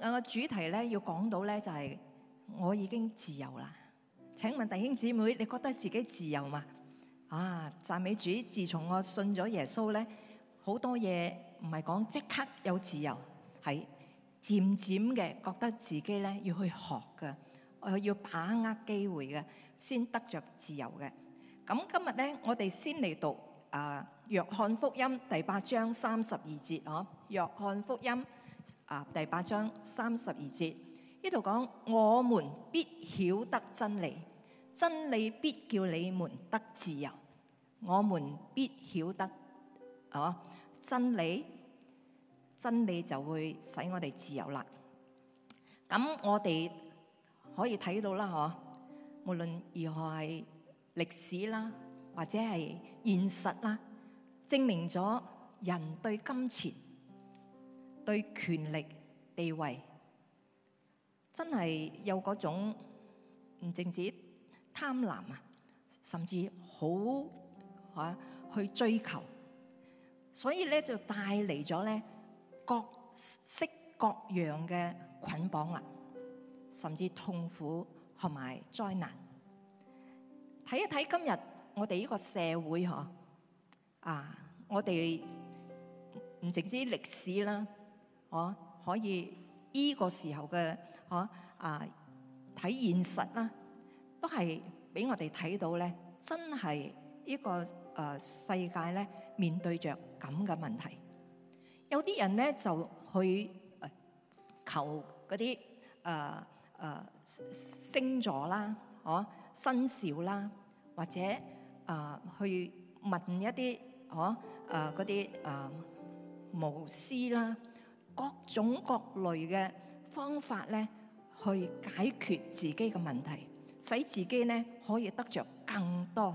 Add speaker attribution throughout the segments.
Speaker 1: 我個主題咧，要講到咧，就係我已經自由啦，請問弟兄姊妹，你覺得自己自由嗎？啊，讚美主！自從我信咗耶穌咧，好多嘢唔係講即刻有自由，係漸漸嘅覺得自己咧，要去學㗎，我要把握機會嘅，先得着自由嘅。咁今日咧，我哋先嚟讀啊《約翰福音》第八章三十二節，嗬，《約翰福音》。啊，第八章三十二節呢度講，我們必曉得真理，真理必叫你們得自由。我們必曉得，啊，真理，真理就會使我哋自由啦。咁我哋可以睇到啦，嗬，無論如何係歷史啦，或者係現實啦，證明咗人對金錢。對權力地位，真係有嗰種唔淨止貪婪啊，甚至好啊去追求，所以咧就帶嚟咗咧各式各樣嘅捆綁啊，甚至痛苦同埋災難。睇一睇今日我哋呢個社會嗬，啊，我哋唔淨止歷史啦。我可以呢個時候嘅，吓啊睇現實啦，都係俾我哋睇到咧，真係呢個誒世界咧面對著咁嘅問題。有啲人咧就去求嗰啲誒誒星座啦，吓生肖啦，或者啊去問一啲吓誒嗰啲誒巫師啦。各種各類嘅方法咧，去解決自己嘅問題，使自己咧可以得著更多。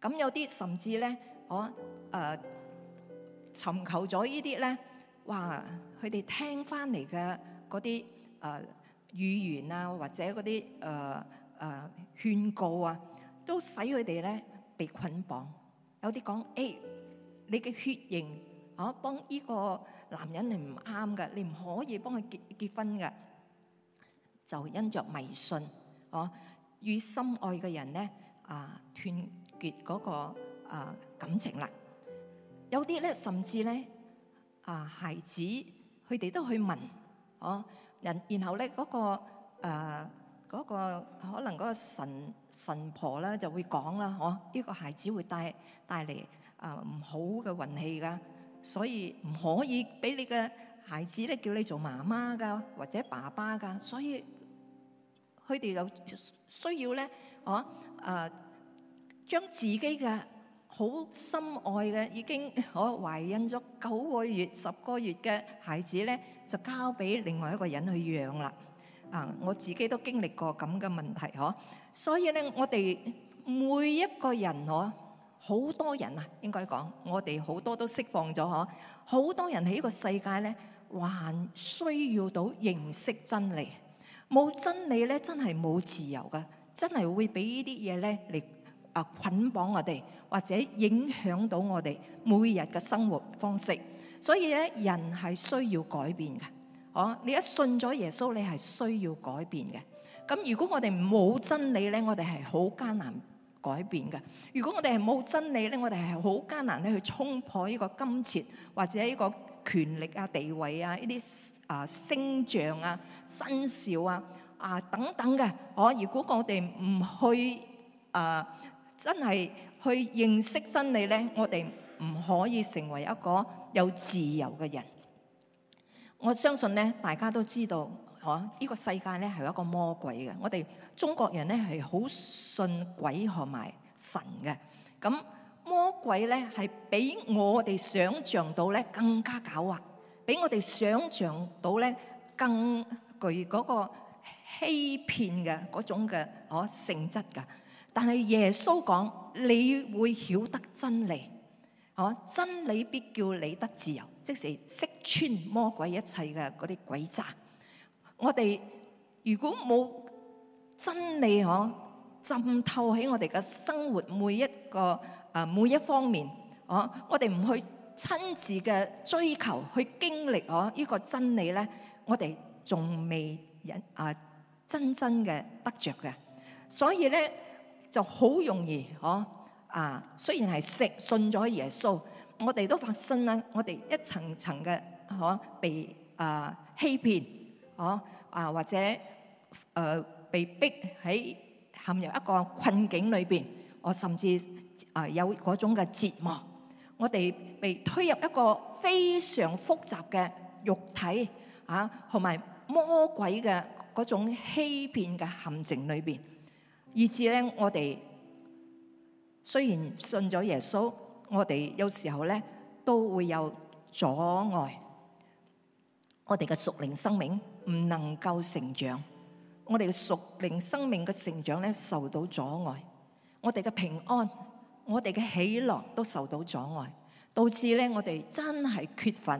Speaker 1: 咁有啲甚至咧，我誒尋求咗呢啲咧，話佢哋聽翻嚟嘅嗰啲誒語言啊，或者嗰啲誒誒勸告啊，都使佢哋咧被捆綁。有啲講，誒你嘅血型。哦，幫呢個男人你唔啱嘅，你唔可以幫佢結結婚嘅，就因著迷信哦，與心愛嘅人咧啊斷絕嗰個啊感情啦。有啲咧，甚至咧啊，孩子佢哋都去問哦，然然後咧嗰個誒嗰個可能嗰個神神婆咧就會講啦，哦呢個孩子會帶帶嚟啊唔好嘅運氣㗎。所以唔可以俾你嘅孩子咧叫你做媽媽噶或者爸爸噶，所以佢哋就需要咧，哦啊，啊，將自己嘅好深愛嘅已經我、啊、懷孕咗九個月十個月嘅孩子咧，就交俾另外一個人去養啦。啊，我自己都經歷過咁嘅問題，呵、啊，所以咧，我哋每一個人，我、啊。好多人啊，應該講，我哋好多都釋放咗呵。好多人喺呢個世界咧，還需要到認識真理。冇真理咧，真係冇自由㗎，真係會俾呢啲嘢咧嚟啊捆綁我哋，或者影響到我哋每日嘅生活方式。所以咧，人係需要改變嘅。哦，你一信咗耶穌，你係需要改變嘅。咁如果我哋冇真理咧，我哋係好艱難。改變嘅。如果我哋係冇真理咧，我哋係好艱難咧去衝破呢個金錢或者呢個權力啊、地位啊、呢啲啊星象啊、生肖啊、啊等等嘅。哦，如果我哋唔去啊，真係去認識真理咧，我哋唔可以成為一個有自由嘅人。我相信咧，大家都知道。呢、這個世界咧係有一個魔鬼嘅。我哋中國人咧係好信鬼同埋神嘅。咁魔鬼咧係比我哋想像到咧更加狡猾，比我哋想像到咧更具嗰個欺騙嘅嗰種嘅嗬性質嘅。但係耶穌講，你會曉得真理，嗬！真理必叫你得自由，即是識穿魔鬼一切嘅嗰啲鬼詐。我哋如果冇真理，嗬，浸透喺我哋嘅生活每一個啊每一方面，我我哋唔去親自嘅追求去經歷，嗬，呢個真理咧，我哋仲未引啊真真嘅得著嘅，所以咧就好容易，嗬啊，雖然係食信咗耶穌，我哋都發生啦，我哋一層層嘅嗬被啊欺騙。哦，啊或者，誒被逼喺陷入一個困境裏邊，我甚至誒有嗰種嘅折磨，我哋被推入一個非常複雜嘅肉體啊，同埋魔鬼嘅嗰種欺騙嘅陷阱裏邊，以至咧我哋雖然信咗耶穌，我哋有時候咧都會有阻礙我哋嘅屬靈生命。唔能夠成長，我哋嘅屬靈生命嘅成長咧受到阻礙，我哋嘅平安、我哋嘅喜樂都受到阻礙，導致咧我哋真係缺乏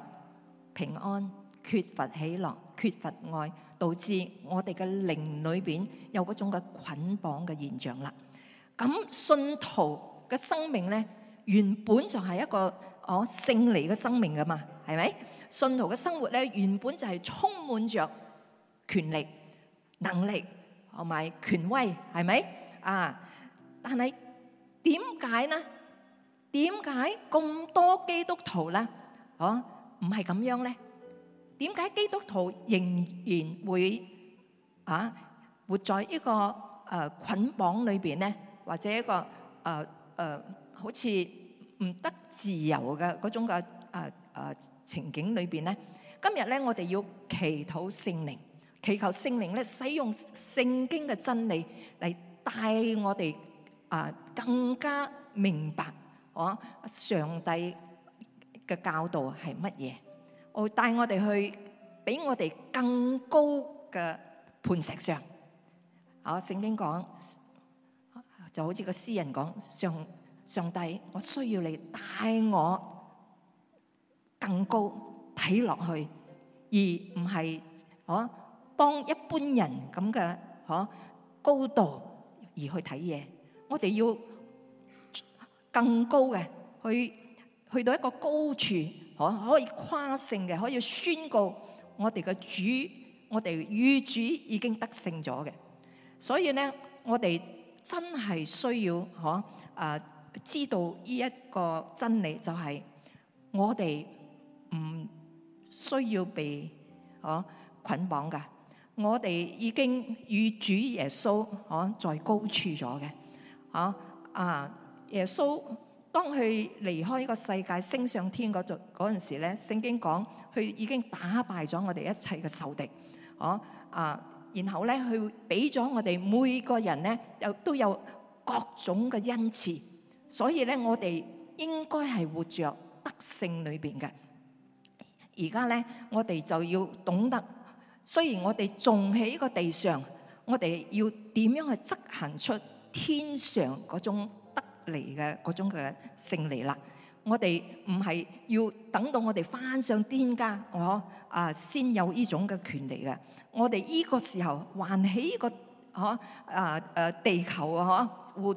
Speaker 1: 平安、缺乏喜樂、缺乏愛，導致我哋嘅靈裏邊有嗰種嘅捆綁嘅現象啦。咁信徒嘅生命咧，原本就係一個。我勝利嘅生命噶嘛，係咪？信徒嘅生活咧，原本就係充滿著權力、能力同埋權威，係咪？啊！但係點解呢？點解咁多基督徒咧？哦，唔係咁樣咧？點解基督徒仍然會啊活在呢個誒捆綁裏邊呢？或者一個誒誒好似？唔得自由嘅嗰種嘅誒誒情景裏邊咧，今日咧我哋要祈禱聖靈，祈求聖靈咧使用聖經嘅真理嚟帶我哋啊更加明白，啊上帝嘅教導係乜嘢，我帶我哋去俾我哋更高嘅磐石上，啊聖經講就好似個詩人講上。上帝，我需要你帶我更高睇落去，而唔係吓幫一般人咁嘅吓高度而去睇嘢。我哋要更高嘅去去到一個高處，可、啊、可以跨性嘅，可以宣告我哋嘅主，我哋與主已經得勝咗嘅。所以咧，我哋真係需要吓啊！知道呢一個真理，就係我哋唔需要被哦捆綁嘅。我哋已經與主耶穌哦在高處咗嘅哦啊。耶穌當佢離開呢個世界升上天嗰陣嗰陣時咧，聖經講佢已經打敗咗我哋一切嘅仇敵哦啊。然後咧，佢俾咗我哋每個人咧又都有各種嘅恩賜。所以咧，我哋應該係活着德性裏邊嘅。而家咧，我哋就要懂得。雖然我哋仲喺個地上，我哋要點樣去執行出天上嗰種得嚟嘅嗰種嘅勝利啦？我哋唔係要等到我哋翻上天家，我啊先有呢種嘅權利嘅。我哋呢個時候還喺個，嗬啊誒地球，嗬活。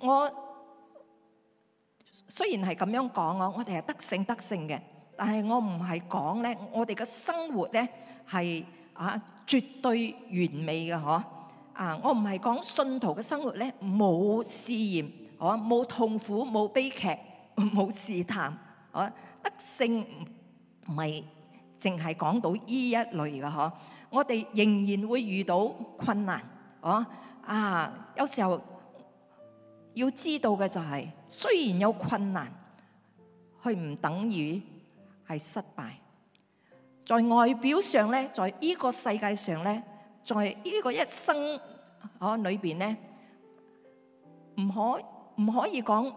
Speaker 1: 我雖然係咁樣講，我我哋係得勝得勝嘅，但係我唔係講呢，我哋嘅生活呢係啊絕對完美嘅呵。啊，我唔係講信徒嘅生活呢冇試驗，我冇痛苦，冇悲劇，冇試探。我得勝唔係淨係講到呢一類嘅呵。我哋仍然會遇到困難。我啊，有時候。要知道嘅就係、是，雖然有困難，佢唔等於係失敗。在外表上咧，在呢個世界上咧，在呢個一生啊裏邊咧，唔可唔可以講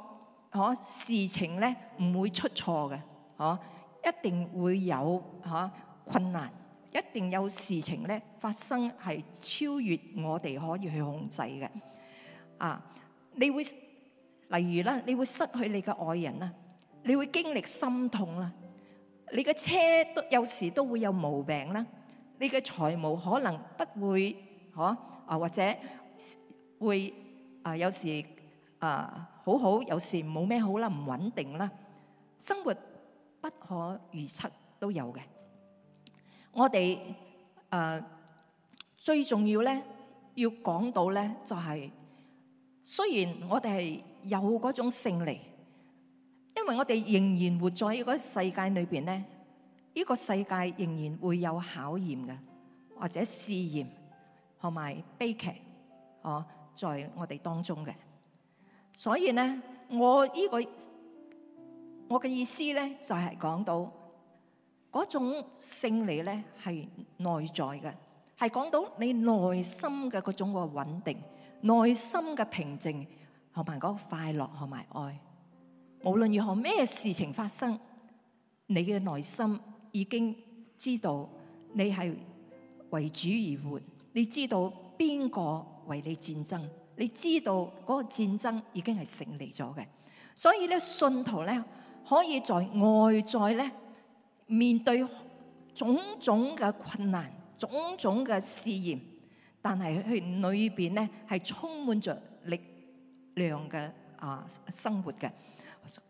Speaker 1: 啊事情咧唔會出錯嘅，啊一定會有啊困難，一定有事情咧發生係超越我哋可以去控制嘅啊。你會例如啦，你會失去你嘅愛人啦，你會經歷心痛啦，你嘅車都有時都會有毛病啦，你嘅財務可能不會，嗬啊或者會啊有時啊好好，有時冇咩好啦，唔穩定啦，生活不可預測都有嘅。我哋誒最重要咧，要講到咧就係。雖然我哋係有嗰種勝利，因為我哋仍然活在呢個世界裏邊咧，呢、這個世界仍然會有考驗嘅，或者試驗同埋悲劇哦，在我哋當中嘅。所以呢，我呢、這個我嘅意思呢，就係講到嗰種勝利呢係內在嘅，係講到你內心嘅嗰種個穩定。內心嘅平靜，同埋嗰個快樂，同埋愛。無論如何，咩事情發生，你嘅內心已經知道你係為主而活。你知道邊個為你戰爭，你知道嗰個戰爭已經係勝利咗嘅。所以咧，信徒咧可以在外在咧面對種種嘅困難，種種嘅試驗。但係佢裏邊咧係充滿着力量嘅啊生活嘅。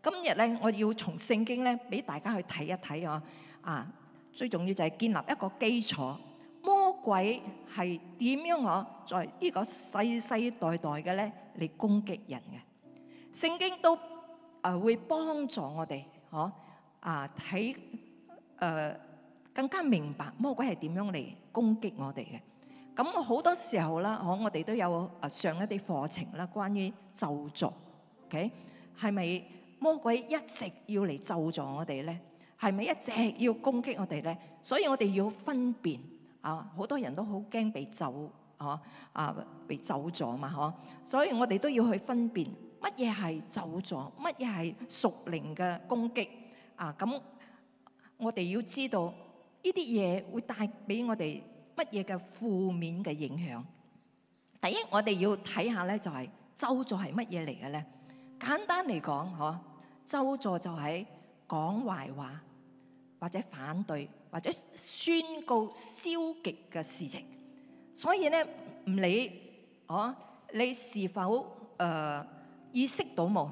Speaker 1: 今日咧我要從聖經咧俾大家去睇一睇哦啊，最重要就係建立一個基礎。魔鬼係點樣哦，在呢個世世代代嘅咧嚟攻擊人嘅？聖經都啊會幫助我哋哦啊睇誒更加明白魔鬼係點樣嚟攻擊我哋嘅。咁好多時候啦，吓我哋都有啊上一啲課程啦，關於咒詛，OK？係咪魔鬼一直要嚟咒詛我哋咧？係咪一直要攻擊我哋咧？所以我哋要分辨啊！好多人都好驚被咒啊啊被咒詛嘛，吓？所以我哋都要去分辨乜嘢係咒詛，乜嘢係屬靈嘅攻擊啊！咁我哋要知道呢啲嘢會帶俾我哋。乜嘢嘅負面嘅影響？第一，我哋要睇下咧，就係咒詛係乜嘢嚟嘅咧？簡單嚟講，嗬，咒詛就係講壞話，或者反對，或者宣告消極嘅事情。所以咧，唔理，嗬，你是否誒意識到冇？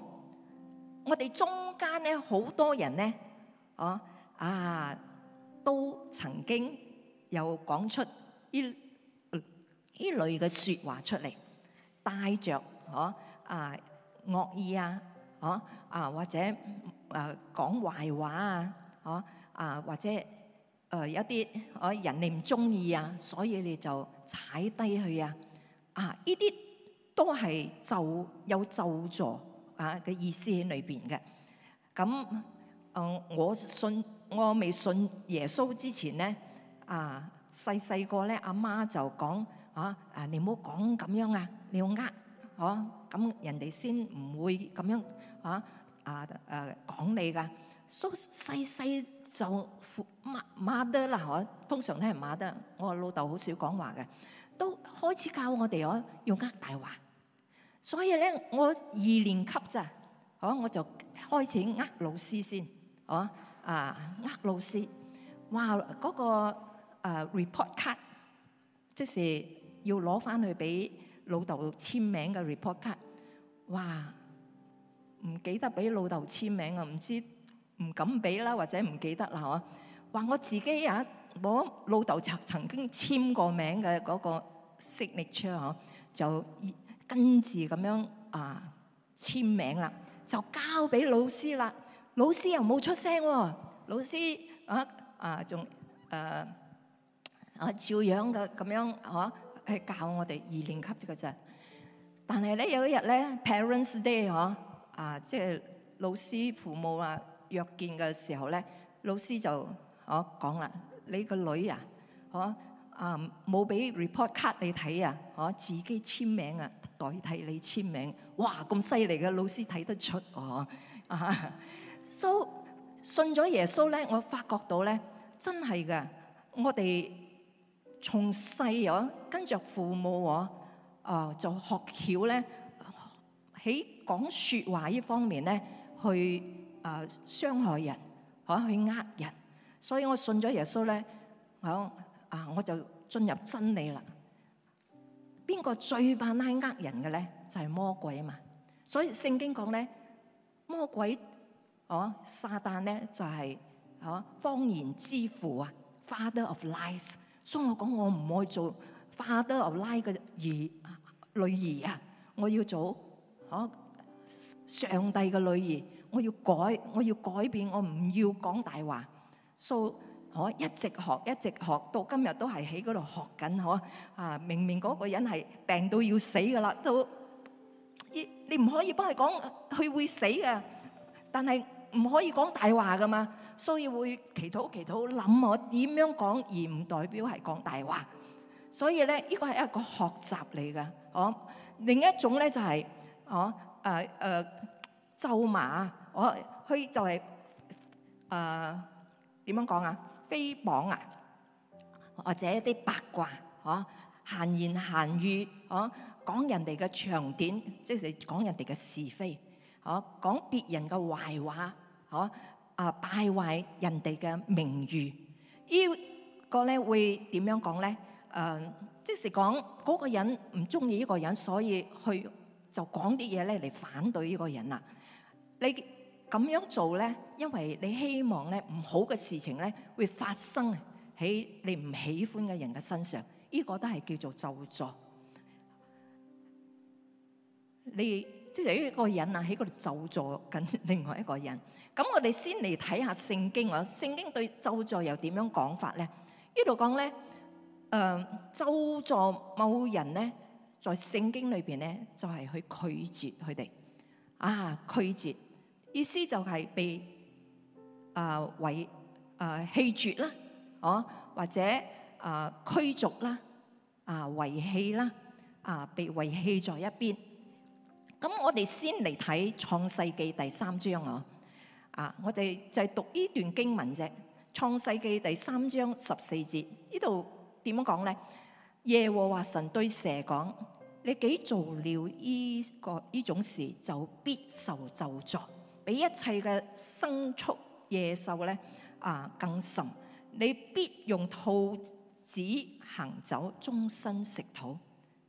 Speaker 1: 我哋中間咧，好多人咧，啊啊，都曾經。又講出呢呢類嘅説話出嚟，帶著啊惡、啊、意啊，啊，啊或者誒講壞話啊，啊，啊或者誒有啲我人哋唔中意啊，所以你就踩低佢啊啊！呢、啊、啲都係就有咒助啊嘅意思喺裏邊嘅。咁、呃、我信我未信耶穌之前咧。啊，細細個咧，阿媽就講嚇，啊你唔好講咁樣啊，你要呃，嚇、啊、咁人哋先唔會咁樣嚇啊誒講、啊啊、你㗎，所以細細就罵罵得啦，通常都係罵得。我老豆好少講話嘅，都開始教我哋我要呃大話，所以咧我二年級咋，嚇、啊、我就開始呃老師先，嚇啊呃、啊、老師，哇嗰、嗰個～誒 report card，即係要攞翻去俾老豆簽名嘅 report card。哇，唔記得俾老豆簽名啊，唔知唔敢俾啦，或者唔記得啦，嚇哇！話我自己啊攞老豆曾曾經簽過名嘅嗰個 signature 嗬，就跟住咁樣啊簽名啦，就交俾老師啦。老師又冇出聲，老師啊啊，仲誒。我、啊、照樣嘅咁樣，嗬、啊，去教我哋二年級啲嘅咋。但係咧有一日咧，Parents Day 嗬、啊，啊，即係老師父母話、啊、約見嘅時候咧，老師就我講啦：你個女啊，嗬啊冇俾、啊、report card 你睇啊，嗬、啊、自己簽名啊，代替你簽名。哇咁犀利嘅老師睇得出，嗬啊。So、啊 so, 信咗耶穌咧，我發覺到咧，真係㗎，我哋。從細我跟着父母我啊就學曉咧喺講說話呢方面咧去啊傷害人，可去呃人，所以我信咗耶穌咧，響啊我就進入真理啦。邊個最怕拉呃人嘅咧？就係、是、魔鬼嘛。所以聖經講咧，魔鬼哦撒旦咧就係、是、哦謊言之父啊，Father of Lies。所以我講我唔愛做 father of lies 嘅兒女兒啊！我要做可上帝嘅女兒，我要改，我要改變，我唔要講大話。所可一直學，一直學到今日都係喺嗰度學緊㗎啊！明明嗰個人係病到要死㗎喇，都你唔可以幫佢講佢會死㗎，但係，唔可以講大話㗎嘛，所以會祈禱祈禱，諗我點樣講而唔代表係講大話。所以咧，呢個係一個學習嚟㗎。哦，另一種咧就係，哦，誒誒咒罵，哦，去就係誒點樣講啊？誹謗啊，或者一啲八卦，哦，閒言閒語，哦，講人哋嘅長短，即係講人哋嘅是非，哦，講別人嘅壞話。哦，啊敗壞人哋嘅名譽，呢個咧會點樣講咧？誒，即是講嗰個人唔中意呢個人，所以去就講啲嘢咧嚟反對呢個人啦。你咁樣做咧，因為你希望咧唔好嘅事情咧會發生喺你唔喜歡嘅人嘅身上，呢個都係叫做咒詛。你。即係呢一個人啊，喺嗰度咒詛緊另外一個人。咁我哋先嚟睇下聖經啊，聖經對咒詛又點樣講法咧？呢度講咧，誒，咒詛某人咧，在聖經裏邊咧，就係去拒絕佢哋啊，拒絕，意思就係被誒遺誒棄絕啦，哦，或者誒驅逐啦，啊遺棄啦，啊被遺棄在一邊。咁我哋先嚟睇《創世記》第三章啊！啊，我哋就係讀呢段經文啫，《創世記》第三章十四節，呢度點樣講咧？耶和華神對蛇講：你幾做了呢個呢種事，就必受咒詛，比一切嘅牲畜野獸咧啊更甚。你必用肚子行走，終身食土。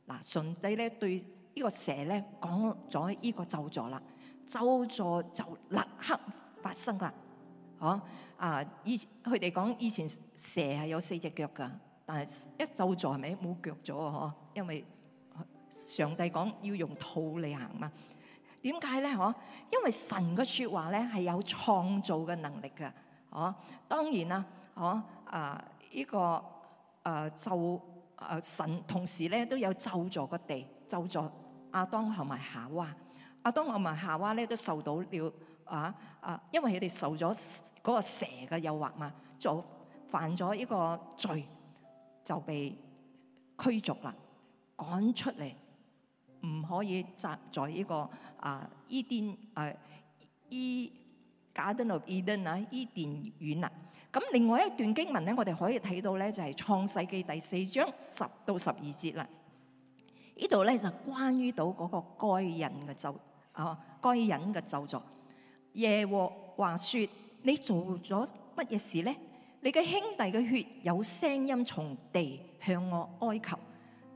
Speaker 1: 嗱，上帝咧對。呢、這個蛇咧講咗呢講個咒助啦，咒助就立刻發生啦，嚇啊，啊！以佢哋講以前蛇係有四隻腳噶，但係一咒助係咪冇腳咗啊？嗬，因為上帝講要用肚嚟行嘛。點解咧？嗬、啊，因為神嘅説話咧係有創造嘅能力噶，嗬、啊。當然啦，嗬啊！呢、啊這個、呃、咒啊咒啊神同時咧都有咒助個地，咒咗。阿當同埋夏娃，阿當同埋夏娃咧都受到了啊啊，因為佢哋受咗嗰個蛇嘅誘惑嘛，就犯咗呢個罪，就被驅逐啦，趕出嚟，唔可以站在呢、這個啊伊甸誒伊賈登啊伊甸園啦。咁、e, 啊、另外一段經文咧，我哋可以睇到咧，就係、是、創世記第四章十到十二節啦。這呢度咧就關於到嗰個該隱嘅咒啊，該隱嘅咒詛。耶和華說：你做咗乜嘢事呢？你嘅兄弟嘅血有聲音從地向我哀求，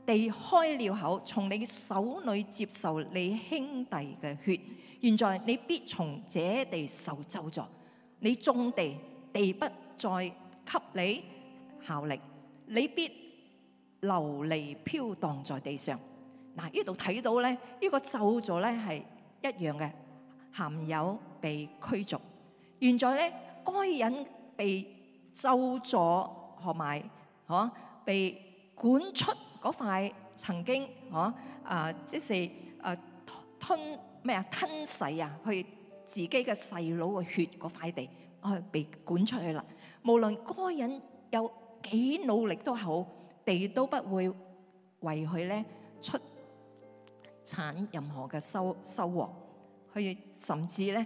Speaker 1: 地開了口，從你嘅你手裏接受你兄弟嘅血。現在你必從這地受咒詛，你種地，地不再給你效力，你必流離飄蕩在地上。嗱，呢度睇到咧，呢個咒詛咧係一樣嘅，含有被驅逐。現在咧，該人被咒詛，同埋嚇被趕出嗰塊曾經嚇啊，即係啊吞咩啊，吞噬啊，去自己嘅細佬嘅血嗰塊地，去被趕出去啦。無論該人有幾努力都好，地都不會為佢咧。產任何嘅收收穫，去甚至咧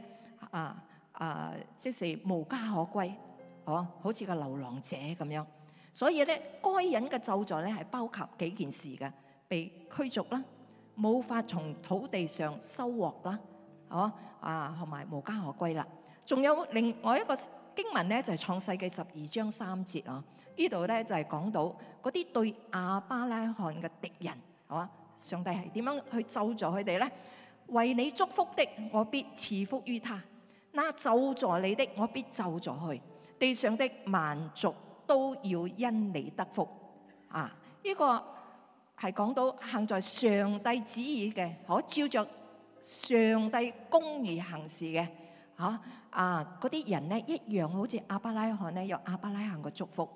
Speaker 1: 啊啊，即是無家可歸，哦，好似個流浪者咁樣。所以咧，該人嘅咒詛咧係包括幾件事嘅：被驅逐啦，冇法從土地上收穫啦，哦啊，同埋無家可歸啦。仲有另外一個經文咧，就係、是、創世紀十二章三節啊。這裏呢度咧就係、是、講到嗰啲對亞伯拉罕嘅敵人，係嘛？上帝係點樣去咒詛佢哋咧？為你祝福的，我必賜福於他；那咒詛你的，我必咒詛佢。地上的萬族都要因你得福啊！呢、這個係講到行在上帝旨意嘅，可、啊、照着上帝公義行事嘅，吓啊！嗰、啊、啲人咧，一樣好似亞伯拉罕咧，有亞伯拉罕嘅祝福。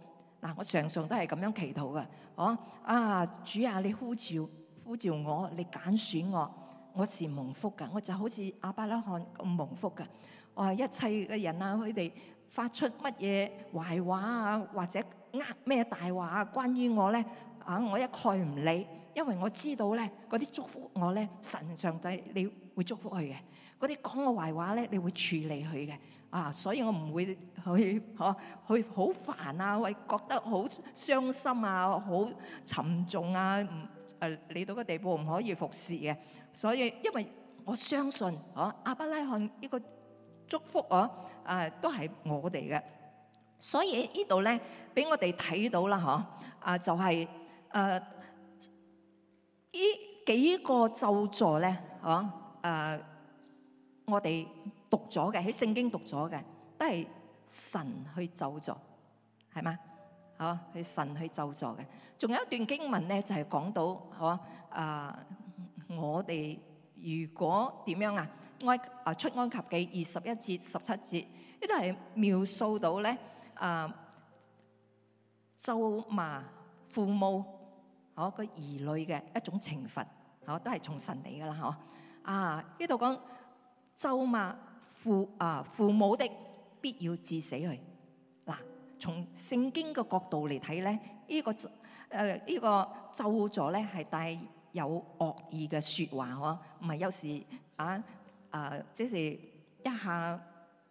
Speaker 1: 嗱、啊，我常常都係咁樣祈禱嘅，哦啊，主啊，你呼召。呼召我，你揀選我，我是蒙福嘅。我就好似亞伯拉罕咁蒙福嘅。我係一切嘅人啊，佢哋發出乜嘢壞話啊，或者呃咩大話啊，關於我咧啊，我一概唔理，因為我知道咧，嗰啲祝福我咧，神上帝你會祝福佢嘅。嗰啲講我壞話咧，你會處理佢嘅啊，所以我唔會去嗬去好煩啊，會，覺得好傷心啊，好沉重啊，唔。誒，你到個地步唔可以服侍嘅，所以因為我相信，嗬，亞伯拉罕呢個祝福，嗬，誒，都係我哋嘅，所以呢度咧，俾我哋睇到啦，嗬，啊，就係誒呢幾個咒詛咧，嗬，誒，我哋讀咗嘅喺聖經讀咗嘅，都係神去咒詛，係嘛？啊，係神去救助嘅。仲有一段經文咧，就係講到，嗬，啊，我哋如果點樣啊，埃啊出埃及記二十一節十七節，呢都係描述到咧，啊，咒罵父母，嗬，個兒女嘅一種懲罰，嗬，都係從神嚟噶啦，嗬。啊，呢度講咒罵父啊父母的，必要致死去。從聖經嘅角度嚟睇咧，呢個誒呢個咒助咧係帶有惡意嘅説話呵，唔係有時啊誒、呃，即係一下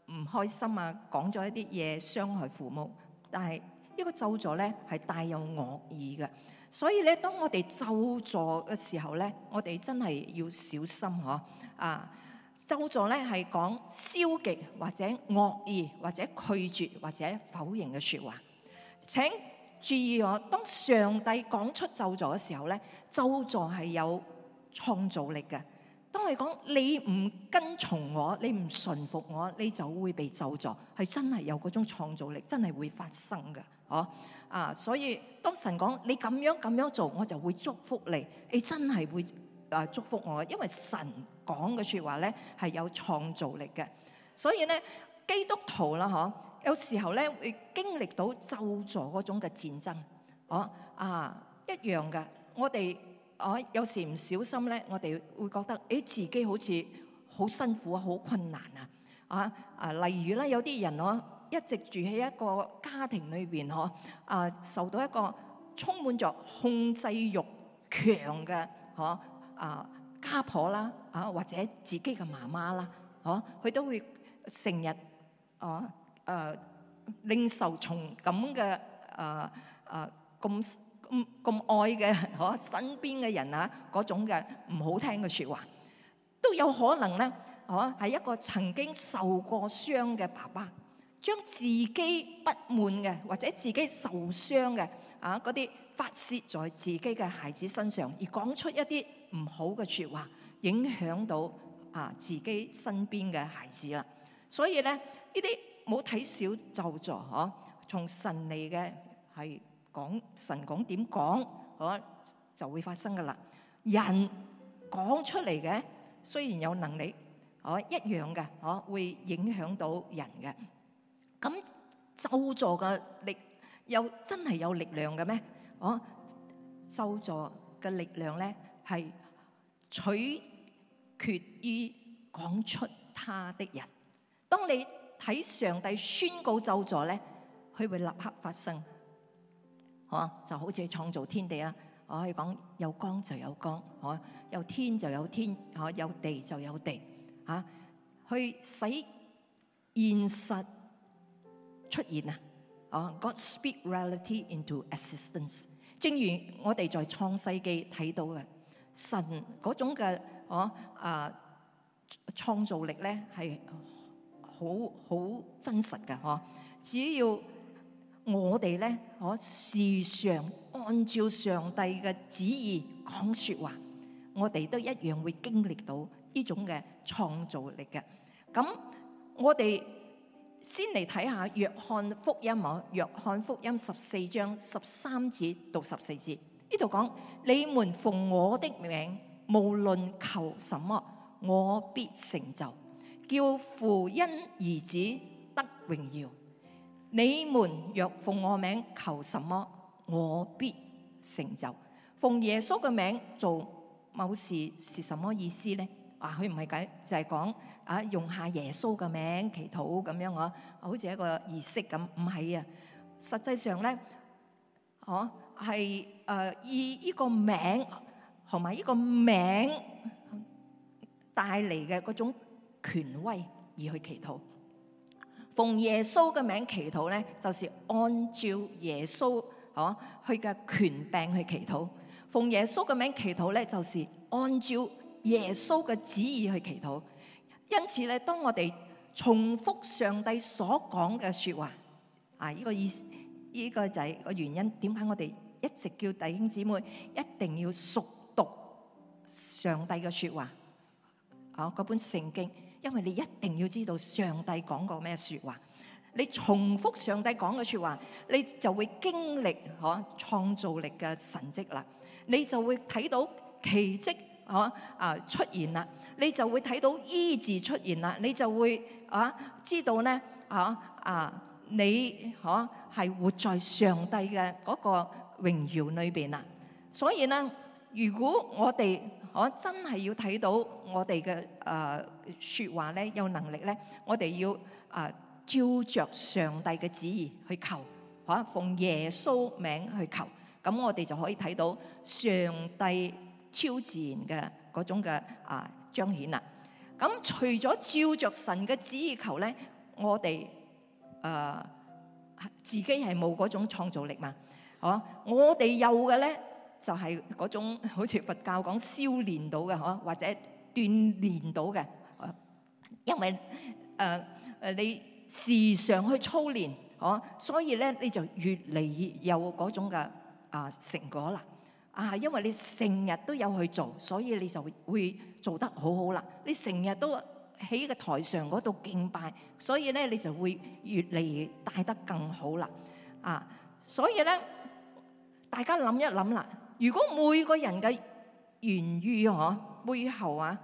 Speaker 1: 唔開心啊，講咗一啲嘢傷害父母，但係呢個咒助咧係帶有惡意嘅，所以咧當我哋咒助嘅時候咧，我哋真係要小心呵啊！咒詛咧係講消極或者惡意或者拒絕或者否認嘅説話，請注意我，當上帝講出咒詛嘅時候咧，咒詛係有創造力嘅。當佢講，你唔跟從我，你唔順服我，你就會被咒詛，係真係有嗰種創造力，真係會發生嘅。哦啊，所以當神講，你咁樣咁樣做，我就會祝福你，你真係會啊祝福我，因為神。講嘅説話咧係有創造力嘅，所以咧基督徒啦嗬、啊啊啊，有時候咧會經歷到咒詛嗰種嘅戰爭，哦啊一樣嘅，我哋我有時唔小心咧，我哋會覺得誒、哎、自己好似好辛苦很啊，好困難啊啊啊，例如咧有啲人我、啊、一直住喺一個家庭裏邊嗬啊，受到一個充滿咗控制欲強嘅嗬啊。啊家婆啦啊，或者自己嘅媽媽啦，哦，佢都會成日哦誒，忍、啊呃、受從咁嘅誒誒咁咁咁愛嘅哦、啊、身邊嘅人啊嗰種嘅唔好聽嘅説話，都有可能咧哦係一個曾經受過傷嘅爸爸，將自己不滿嘅或者自己受傷嘅啊嗰啲。發泄在自己嘅孩子身上，而講出一啲唔好嘅說話，影響到啊自己身邊嘅孩子啦。所以咧，呢啲冇睇小咒助嗬，從神嚟嘅係講神講點講，嗬就會發生噶啦。人講出嚟嘅雖然有能力，嗬一樣嘅，嗬會影響到人嘅。咁咒助嘅力又真係有力量嘅咩？我咒助嘅力量咧，係取決於講出他的人。當你睇上帝宣告咒助咧，佢會立刻發生。啊，就好似創造天地啦。我可以講有光就有光，我、啊、有天就有天，我、啊、有地就有地。嚇、啊啊，去使現實出現啊！哦，God speak reality into existence。正如我哋在創世記睇到嘅，神嗰種嘅哦啊創造力咧係好好真實嘅。哦，只要我哋咧，我時常按照上帝嘅旨意講説話，我哋都一樣會經歷到呢種嘅創造力嘅。咁我哋。先嚟睇下約《約翰福音》嗬，《約翰福音》十四章十三節到十四節，呢度講：你們奉我的名無論求什麼，我必成就，叫父因兒子得榮耀。你們若奉我名求什麼，我必成就。奉耶穌嘅名做某事是什麼意思呢？話佢唔係解，就係講啊，用下耶穌嘅名祈禱咁樣嗬、啊，好似一個儀式咁，唔係啊。實際上咧，哦係誒以呢個名同埋呢個名帶嚟嘅嗰種權威而去祈禱。奉耶穌嘅名祈禱咧，就是按照耶穌哦佢嘅權柄去祈禱。奉耶穌嘅名祈禱咧，就是按照耶穌嘅旨意去祈禱，因此咧，當我哋重複上帝所講嘅説話，啊，呢個意思，呢個就係個原因。點解我哋一直叫弟兄姊妹一定要熟讀上帝嘅説話，啊，嗰本聖經，因為你一定要知道上帝講過咩説話。你重複上帝講嘅説話，你就會經歷吓創造力嘅神蹟啦，你就會睇到奇蹟。啊！啊出現啦，你就會睇到醫治出現啦，你就會啊知道咧，啊啊你啊係活在上帝嘅嗰個榮耀裏邊啦。所以咧，如果我哋我、啊、真係要睇到我哋嘅誒説話咧，有能力咧，我哋要啊照着上帝嘅旨意去求，啊奉耶穌名去求，咁我哋就可以睇到上帝。超自然嘅嗰種嘅啊彰顯啦，咁除咗照着神嘅旨意求咧，我哋誒、呃、自己係冇嗰種創造力嘛，哦，我哋有嘅咧就係嗰種好似佛教講修煉到嘅，嗬，或者鍛煉到嘅，因為誒、呃、誒你時常去操練，嗬，所以咧你就越嚟越有嗰種嘅啊成果啦。啊，因為你成日都有去做，所以你就會做得好好啦。你成日都喺個台上嗰度敬拜，所以咧你就會越嚟越帶得更好啦。啊，所以咧大家諗一諗啦，如果每個人嘅願欲言語嗬背後啊，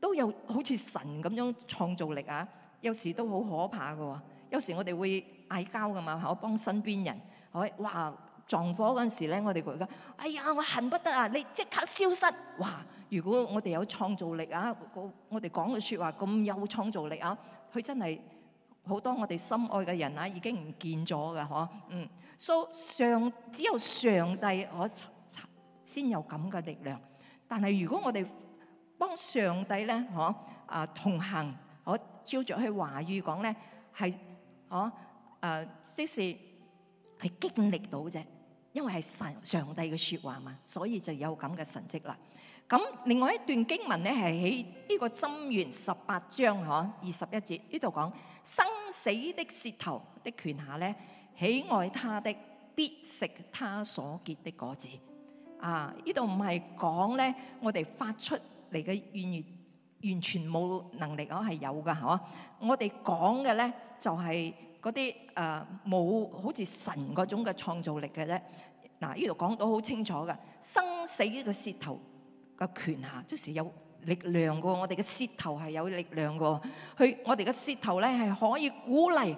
Speaker 1: 都有好似神咁樣創造力啊，有時都好可怕㗎喎。有時我哋會嗌交㗎嘛，我幫身邊人，我哇！撞火嗰陣時咧，我哋覺得：「哎呀，我恨不得啊，你即刻消失！哇！如果我哋有創造力啊，我哋講嘅説話咁有創造力啊，佢真係好多我哋心愛嘅人啊，已經唔見咗嘅嗬，嗯。所、so, 以上只有上帝我先有咁嘅力量，但係如果我哋幫上帝咧，嗬啊同行，我、啊、照着去華語講咧，係嗬誒，即使係經歷到啫。因為係神上帝嘅説話嘛，所以就有咁嘅神跡啦。咁另外一段經文咧，係喺呢個箴言十八章嗬，二十一節呢度講，生死的舌頭的權下咧，喜愛他的必食他所結的果子。啊，講呢度唔係講咧我哋發出嚟嘅言語完全冇能力嗬，係有嘅嗬、啊，我哋講嘅咧就係、是。嗰啲誒冇好似神嗰種嘅創造力嘅啫，嗱呢度講到好清楚嘅，生死呢個舌頭嘅權下，即時有力量嘅，我哋嘅舌頭係有力量嘅，去我哋嘅舌頭咧係可以鼓勵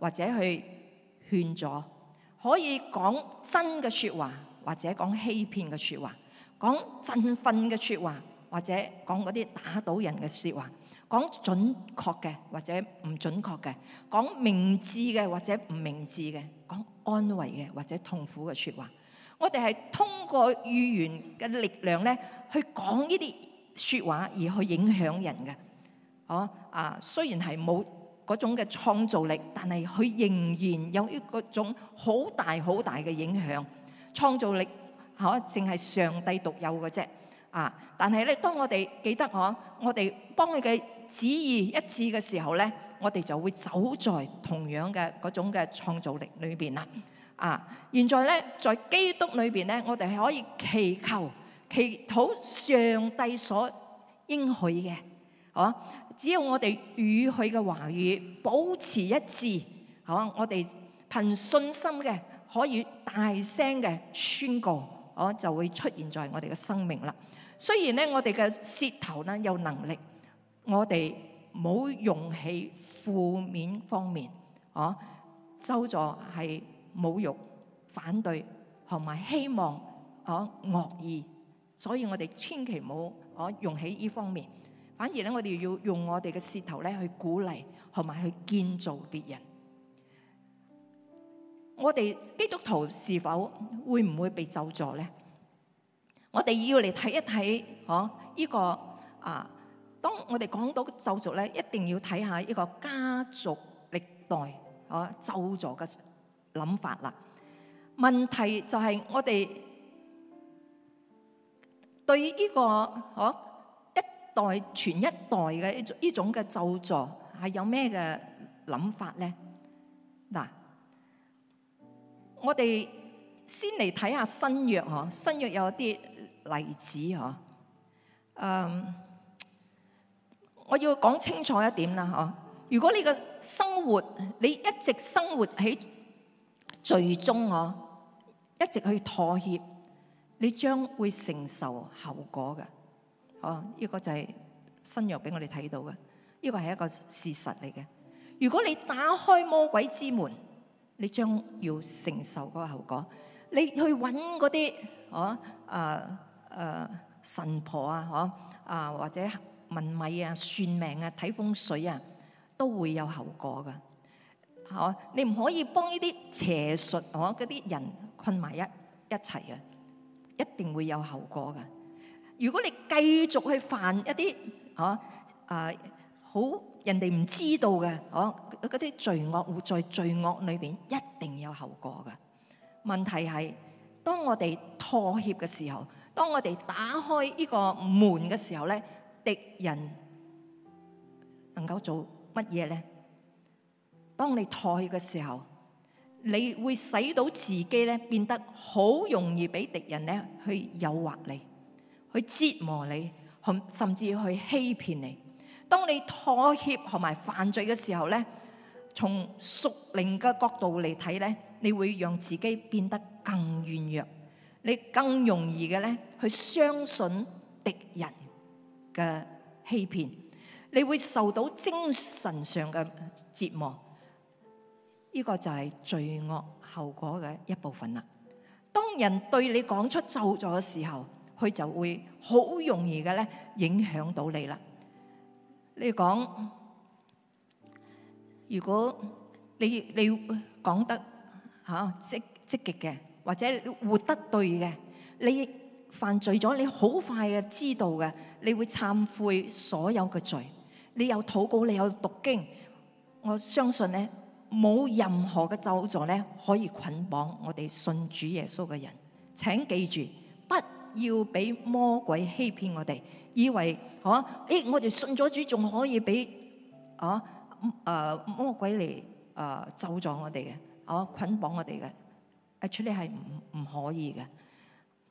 Speaker 1: 或者去勸阻，可以講真嘅說話或者講欺騙嘅說話，講振奮嘅說話或者講嗰啲打倒人嘅說話。講準確嘅或者唔準確嘅，講明智嘅或者唔明智嘅，講安慰嘅或者痛苦嘅說話，我哋係通過語言嘅力量咧去講呢啲說話而去影響人嘅，哦啊，雖然係冇嗰種嘅創造力，但係佢仍然有一種好大好大嘅影響。創造力，嗬，淨係上帝獨有嘅啫，啊，但係咧，當我哋記得，嗬，我哋幫你嘅，旨意一致嘅時候咧，我哋就會走在同樣嘅嗰種嘅創造力裏邊啦。啊，現在咧，在基督裏邊咧，我哋係可以祈求、祈禱上帝所應許嘅。哦，只要我哋與佢嘅話語保持一致，哦，我哋憑信心嘅可以大聲嘅宣告，哦，就會出現在我哋嘅生命啦。雖然咧，我哋嘅舌頭咧，有能力。我哋冇用喺負面方面，哦、啊，咒詛係侮辱、反對同埋希望，哦、啊、惡意，所以我哋千祈唔好哦用喺呢方面，反而咧我哋要用我哋嘅舌頭咧去鼓勵同埋去建造別人。我哋基督徒是否會唔會被咒詛咧？我哋要嚟睇一睇，哦呢個啊。這個啊當我哋講到咒詛咧，一定要睇下呢個家族歷代啊，咒詛嘅諗法啦。問題就係我哋對於呢個啊一代傳一代嘅呢種呢種嘅咒詛係有咩嘅諗法咧？嗱，我哋先嚟睇下新約嗬，新約有啲例子嗬，嗯。我要講清楚一點啦，嗬！如果你個生活你一直生活喺罪中，嗬，一直去妥協，你將會承受後果嘅，哦，呢個就係新約俾我哋睇到嘅，呢個係一個事實嚟嘅。如果你打開魔鬼之門，你將要承受嗰個後果。你去揾嗰啲，嗬，誒誒神婆啊，嗬，啊或者。問米啊、算命啊、睇風水啊，都會有後果㗎吓。你唔可以幫呢啲邪術哦，嗰啲人困埋一一齊啊，一定會有後果㗎。如果你繼續去犯一啲哦啊好人哋唔知道嘅哦嗰啲罪惡，活在罪惡裏面，一定有後果㗎。問題係當我哋妥協嘅時候，當我哋打開呢個門嘅時候咧。敵人能夠做乜嘢咧？當你妥協嘅時候，你會使到自己咧變得好容易俾敵人咧去誘惑你，去折磨你，甚至去欺騙你。當你妥協同埋犯罪嘅時候咧，從屬靈嘅角度嚟睇咧，你會讓自己變得更軟弱，你更容易嘅咧去相信敵人。嘅欺騙，你會受到精神上嘅折磨，呢個就係罪惡後果嘅一部分啦。當人對你講出咒咗嘅時候，佢就會好容易嘅咧影響到你啦。你講，如果你你講得吓積積極嘅，或者活得對嘅，你。犯罪咗，你好快就知道嘅，你會懺悔所有嘅罪，你有禱告，你有讀經，我相信咧，冇任何嘅咒詛咧可以捆綁，綁我哋信主耶穌嘅人，請記住，不要俾魔鬼欺騙我哋，以為啊，誒，我哋信咗主，仲可以俾啊誒、呃、魔鬼嚟啊、呃、咒詛我哋嘅，啊捆綁，綁我哋嘅，誒，其實係唔唔可以嘅。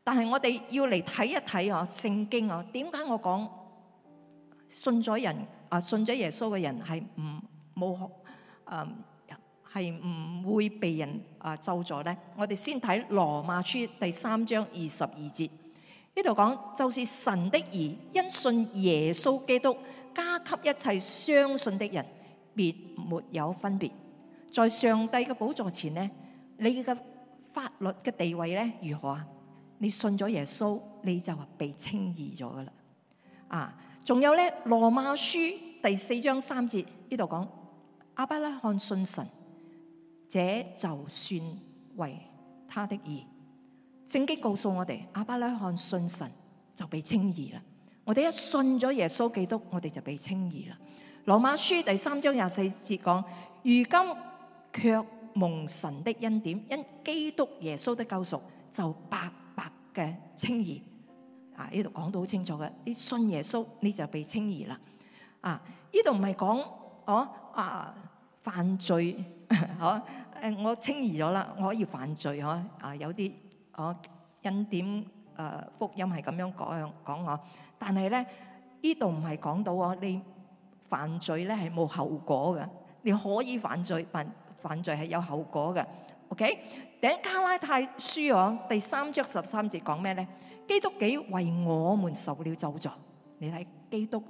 Speaker 1: 但係我哋要嚟睇一睇啊，聖經啊，點解我講信咗人啊，信咗耶穌嘅人係唔冇誒係唔會被人啊咒咗咧？我哋先睇羅馬書第三章二十二節呢度講，就是神的義因信耶穌基督加給一切相信的人，別沒有分別。在上帝嘅寶座前呢，你嘅法律嘅地位呢如何啊？你信咗耶穌，你就被稱義咗㗎喇。啊，仲有咧，《羅馬書》第四章三節呢度講阿巴拉罕信神，這就算為他的義。聖經告訴我哋，阿巴拉罕信神就被稱義啦。我哋一信咗耶穌基督，我哋就被稱義啦。《羅馬書》第三章廿四節講：如今卻蒙神的恩典，因基督耶穌的救贖，就白。嘅清義啊，呢度講到好清楚嘅，啲信耶穌呢你就被清義啦。啊，呢度唔係講哦啊犯罪哦，誒我清義咗啦，我可以犯罪哦啊有啲哦恩典誒福音係咁樣講講我，但係咧呢度唔係講到我你犯罪咧係冇後果嘅，你可以犯罪，犯犯罪係有後果嘅，OK？第一加拉太書講第三章十三節講咩咧？基督既為我們受了咒詛。你睇基督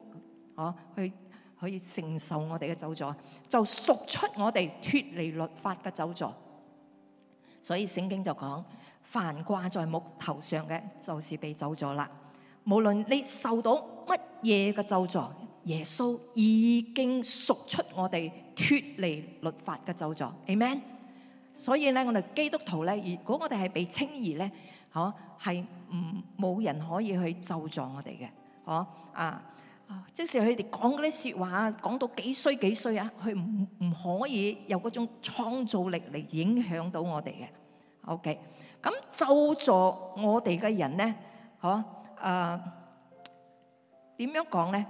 Speaker 1: 哦，去、啊、可以承受我哋嘅咒詛，就贖出我哋脫離律法嘅咒詛。所以聖經就講，凡掛在木頭上嘅就是被咒詛啦。無論你受到乜嘢嘅咒詛，耶穌已經贖出我哋脫離律法嘅咒詛。amen。所以咧，我哋基督徒咧，如果我哋係被稱義咧，嗬，係唔冇人可以去咒詛我哋嘅，嗬啊，即使佢哋講嗰啲說話啊，講到幾衰幾衰啊，佢唔唔可以有嗰種創造力嚟影響到我哋嘅。OK，咁咒詛我哋嘅人咧，嗬，誒，點樣講咧？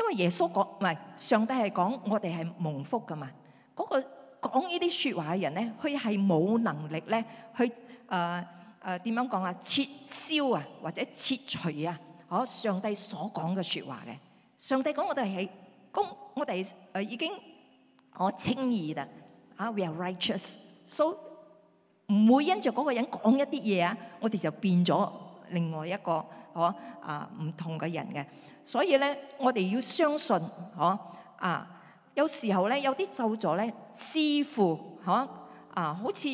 Speaker 1: 因為耶穌講唔係上帝係講我哋係蒙福噶嘛，嗰個。講呢啲説話嘅人咧，佢係冇能力咧去誒誒點樣講啊？撤銷啊，或者撤除啊！我上帝所講嘅説話嘅，上帝講我哋係公，我哋誒已經我稱義啦。啊，we are righteous，so 唔會因著嗰個人講一啲嘢啊，我哋就變咗另外一個可啊唔同嘅人嘅。所以咧，我哋要相信可啊。有時候咧，有啲咒詛咧，似乎嚇啊，好似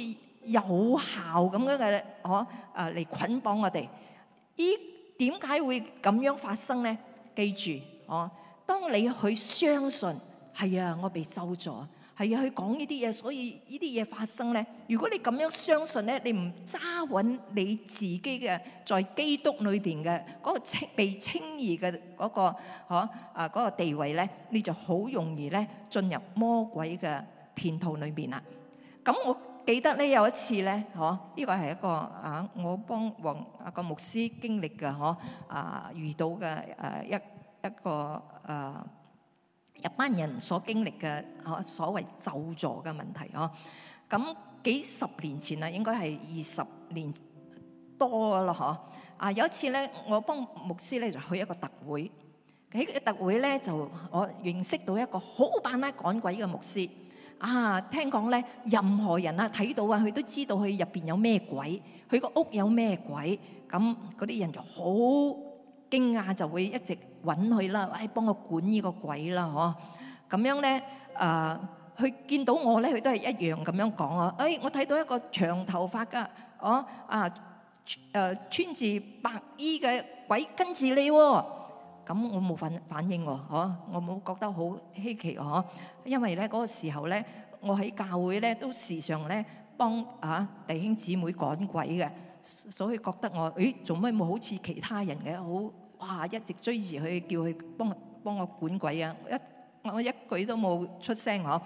Speaker 1: 有效咁樣嘅，嚇啊嚟捆綁我哋。咦，點解會咁樣發生咧？記住，嚇、啊，當你去相信係啊，我被咒詛。係要去講呢啲嘢，所以呢啲嘢發生咧。如果你咁樣相信咧，你唔揸穩你自己嘅在基督裏邊嘅嗰個被清被稱義嘅嗰個，啊嗰、那個、地位咧，你就好容易咧進入魔鬼嘅騙套裏邊啦。咁、嗯啊、我記得咧有一次咧，嗬、啊，呢、這個係一個啊，我幫王阿個牧師經歷嘅，嗬啊遇到嘅誒、啊、一一個啊。一班人所經歷嘅嚇所謂咒詛嘅問題哦，咁幾十年前啊，應該係二十年多咯嗬。啊，有一次咧，我幫牧師咧就去一個特會，喺個特會咧就我認識到一個好扮得趕鬼嘅牧師。啊，聽講咧任何人啊睇到啊佢都知道佢入邊有咩鬼，佢個屋有咩鬼。咁嗰啲人就好驚訝，就會一直。搵佢啦！哎，幫我管呢個鬼啦，嗬、啊！咁樣咧，誒、呃，佢見到我咧，佢都係一樣咁樣講啊！哎，我睇到一個長頭髮嘅，哦啊，誒、啊、穿住白衣嘅鬼跟住你喎、哦！咁我冇反反應喎、啊，我冇覺得好稀奇，嗬、啊！因為咧嗰、那個時候咧，我喺教會咧都時常咧幫啊弟兄姊妹趕鬼嘅，所以覺得我誒做咩冇好似其他人嘅好。哇！一直追住佢，叫佢幫我幫我管鬼啊！一我我一句都冇出聲嗬。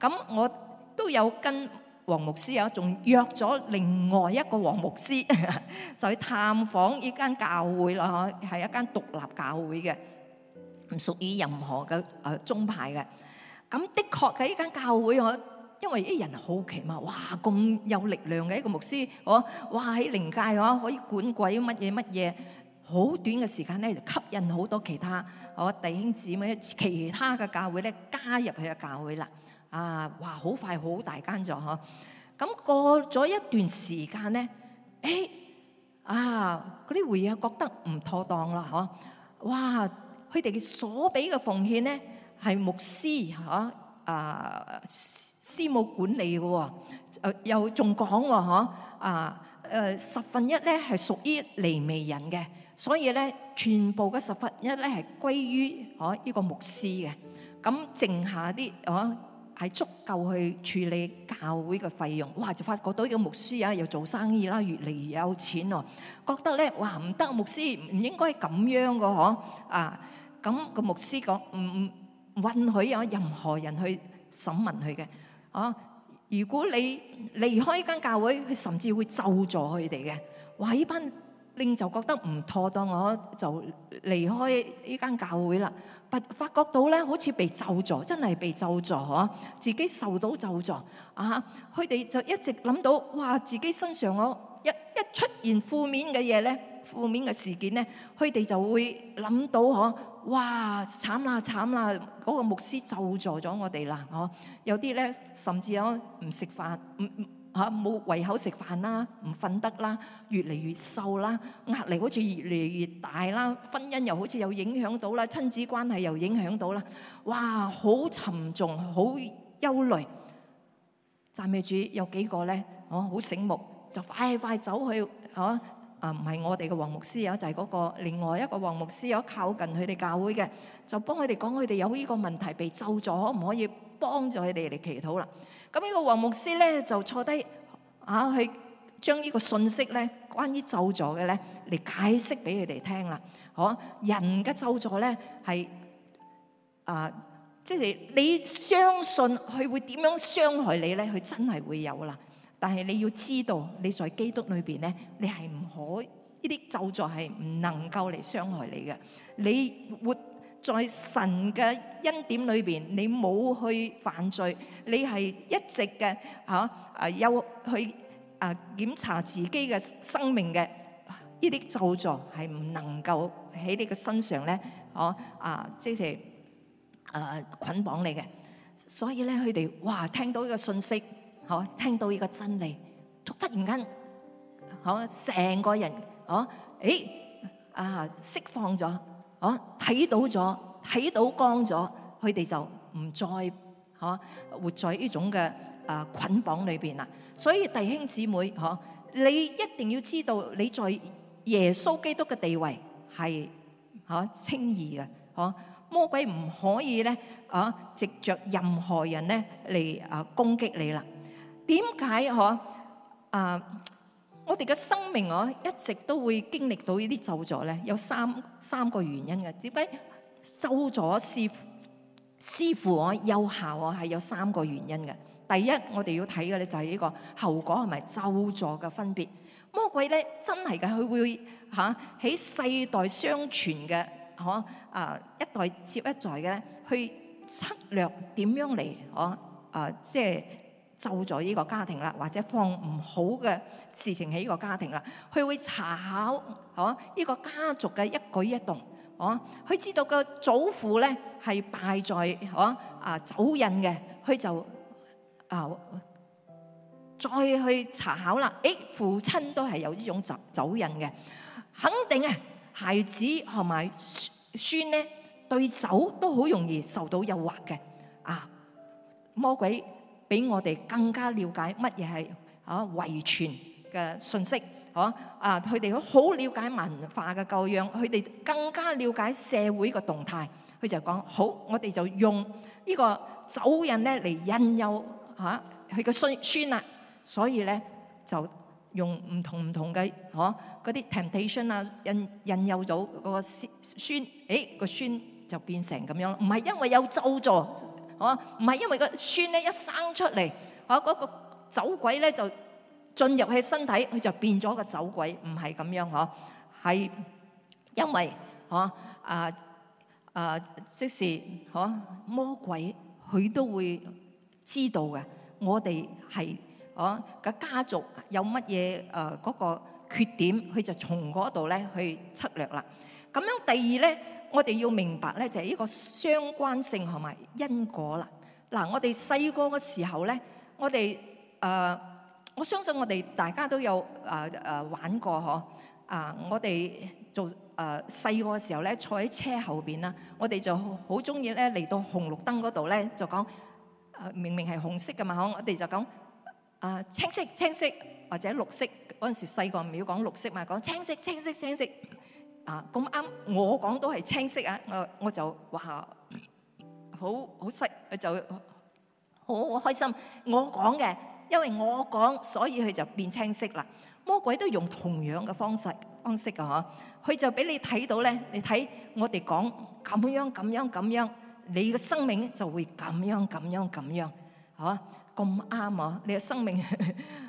Speaker 1: 咁我都有跟黃牧師，啊仲約咗另外一個黃牧師，就去探訪呢間教會啦嗬。係一間獨立教會嘅，唔屬於任何嘅誒宗派嘅。咁的確喺呢間教會，我因為啲人好奇嘛，哇！咁有力量嘅一個牧師，我哇喺靈界我，可以管鬼乜嘢乜嘢。好短嘅時間咧，就吸引好多其他我弟兄姊妹，其他嘅教會咧加入佢嘅教會啦。啊，哇！好快好大間咗嗬。咁過咗一段時間咧，誒啊，嗰啲會員覺得唔妥當啦嗬。哇！佢哋嘅所俾嘅奉獻咧係牧師嗬啊，師母管理嘅喎，又仲講喎嗬啊誒十分一咧係屬於利未人嘅。所以咧，全部嘅十分一咧係歸於可呢個牧師嘅，咁剩下啲可係足夠去處理教會嘅費用。哇！就發覺到呢個牧師啊，又做生意啦，越嚟越有錢哦。覺得咧，哇，唔得，牧師唔應該咁樣嘅，嗬啊？咁個牧師講唔唔允許有任何人去審問佢嘅，啊！如果你離開呢間教會，佢甚至會咒助佢哋嘅。哇！呢班～令就覺得唔妥當，我就離開呢間教會啦，發發覺到咧，好似被咒助，真係被咒助，自己受到咒助啊！佢哋就一直諗到，哇！自己身上我一一出現負面嘅嘢咧，負面嘅事件咧，佢哋就會諗到呵，哇！慘啦慘啦，嗰個牧師咒助咗我哋啦，哦！有啲咧甚至有唔食飯，唔唔。嚇冇胃口食飯啦，唔瞓得啦，越嚟越瘦啦，壓力好似越嚟越大啦，婚姻又好似又影響到啦，親子關係又影響到啦，哇！好沉重，好憂慮。讚美主有幾個咧？哦，好醒目，就快快走去嚇啊！唔係我哋嘅黃牧師啊，就係嗰個另外一個黃牧師啊，有靠近佢哋教會嘅，就幫佢哋講佢哋有呢個問題被咒咗，可唔可以幫助佢哋嚟祈禱啦？咁呢個黃牧師咧就坐低啊，去將呢個信息咧，關於咒詛嘅咧嚟，解釋俾佢哋聽啦。好，人嘅咒詛咧係啊，即係你相信佢會點樣傷害你咧，佢真係會有啦。但係你要知道，你在基督裏邊咧，你係唔可呢啲咒詛係唔能夠嚟傷害你嘅。你會。在神嘅恩典裏邊，你冇去犯罪，你係一直嘅吓啊，有去啊檢查自己嘅生命嘅，呢啲咒詛係唔能夠喺你嘅身上咧，哦啊，即係啊捆綁你嘅，所以咧佢哋哇聽到呢個信息，嗬聽到呢個真理，都忽然間嗬成個人，嗬誒啊釋放咗。哦，睇到咗，睇到光咗，佢哋就唔再哦活在呢種嘅啊捆綁裏邊啦。所以弟兄姊妹，嗬，你一定要知道你在耶穌基督嘅地位係嗬稱義嘅，嗬，魔鬼唔可以咧啊藉著任何人咧嚟啊攻擊你啦。點解嗬啊？我哋嘅生命我一直都會經歷到呢啲咒助咧，有三三個原因嘅。只不咒助咗似似乎啊有效啊，係有三個原因嘅。第一，我哋要睇嘅咧就係呢、這個後果係咪咒助嘅分別。魔鬼咧真係嘅，佢會嚇喺、啊、世代相傳嘅，嗬啊一代接一代嘅咧，去測量點樣嚟，嗬啊即係。啊就是就咗呢個家庭啦，或者放唔好嘅事情喺呢個家庭啦，佢會查考，哦，呢個家族嘅一舉一動，哦，佢知道個祖父咧係敗在，哦，啊走印嘅，佢就啊再去查考啦。誒，父親都係有呢種走走印嘅，肯定啊，孩子同埋孫呢對手都好容易受到誘惑嘅，啊，魔鬼。俾我哋更加瞭解乜嘢係啊遺傳嘅信息，啊啊佢哋好了解文化嘅教養，佢哋更加瞭解社會嘅動態。佢就講好，我哋就用呢個酒癮咧嚟引誘嚇佢嘅孫孫啊。所以咧就用唔同唔同嘅呵嗰啲 temptation 啊引引誘到嗰個孫，誒個孫就變成咁樣，唔係因為有咒詛。哦，唔係因為個孫咧一生出嚟，哦嗰個走鬼咧就進入去身體，佢就變咗個走鬼，唔係咁樣呵，係因為哦啊啊，即是哦魔鬼，佢都會知道嘅。我哋係哦個家族有乜嘢啊嗰個缺點，佢就從嗰度咧去策略啦。咁樣第二咧。我哋要明白咧，就係呢個相關性同埋因果啦。嗱，我哋細個嘅時候咧，我哋誒，我相信我哋大家都有誒誒玩過嗬。啊，我哋做誒細個嘅時候咧，坐喺車後邊啦，我哋就好中意咧嚟到紅綠燈嗰度咧，就講誒明明係紅色噶嘛，我哋就講啊，青色青色，或者綠色嗰陣時細個唔要講綠色嘛，講青色青色青色。啊，咁啱我講都係清晰啊！我我就話好好識，就好開心。我講嘅，因為我講，所以佢就變清晰啦。魔鬼都用同樣嘅方式方式啊！佢就俾你睇到咧。你睇我哋講咁樣咁樣咁樣，你嘅生命就會咁樣咁樣咁樣啊！咁啱啊！你嘅生命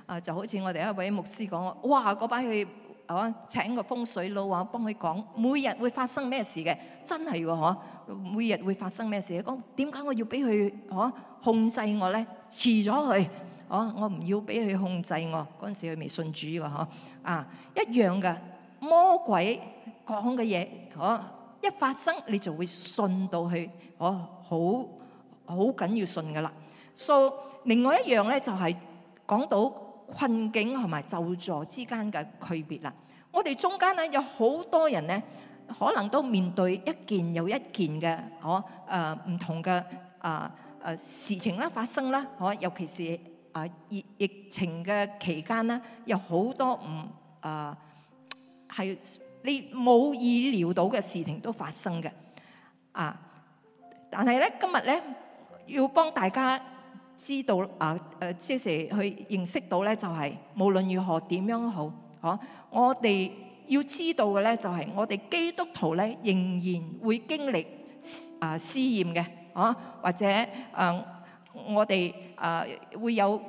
Speaker 1: 啊，就好似我哋一位牧師講啊！哇，嗰班佢。哦，請個風水佬啊，幫佢講每日會發生咩事嘅，真係喎嗬！每日會發生咩事？講點解我要俾佢哦控制我咧？辭咗佢哦，我唔要俾佢控制我。嗰陣時佢未信主嘅嗬，啊一樣嘅魔鬼講嘅嘢哦，一發生你就會信到佢哦，好好緊要信嘅啦。所以另外一樣咧就係講到。困境同埋就助之間嘅區別啦，我哋中間咧有好多人咧，可能都面對一件又一件嘅，哦，誒唔同嘅誒誒事情啦發生啦，哦，尤其是誒疫疫情嘅期間啦，有好多唔誒係你冇意料到嘅事情都發生嘅，啊！但係咧今日咧要幫大家。知道啊，誒，即係去認識到咧，就係、是、無論如何點樣好，哦、啊，我哋要知道嘅咧，就係、是、我哋基督徒咧仍然會經歷啊試驗嘅，哦、啊，或者誒、啊，我哋誒、啊、會有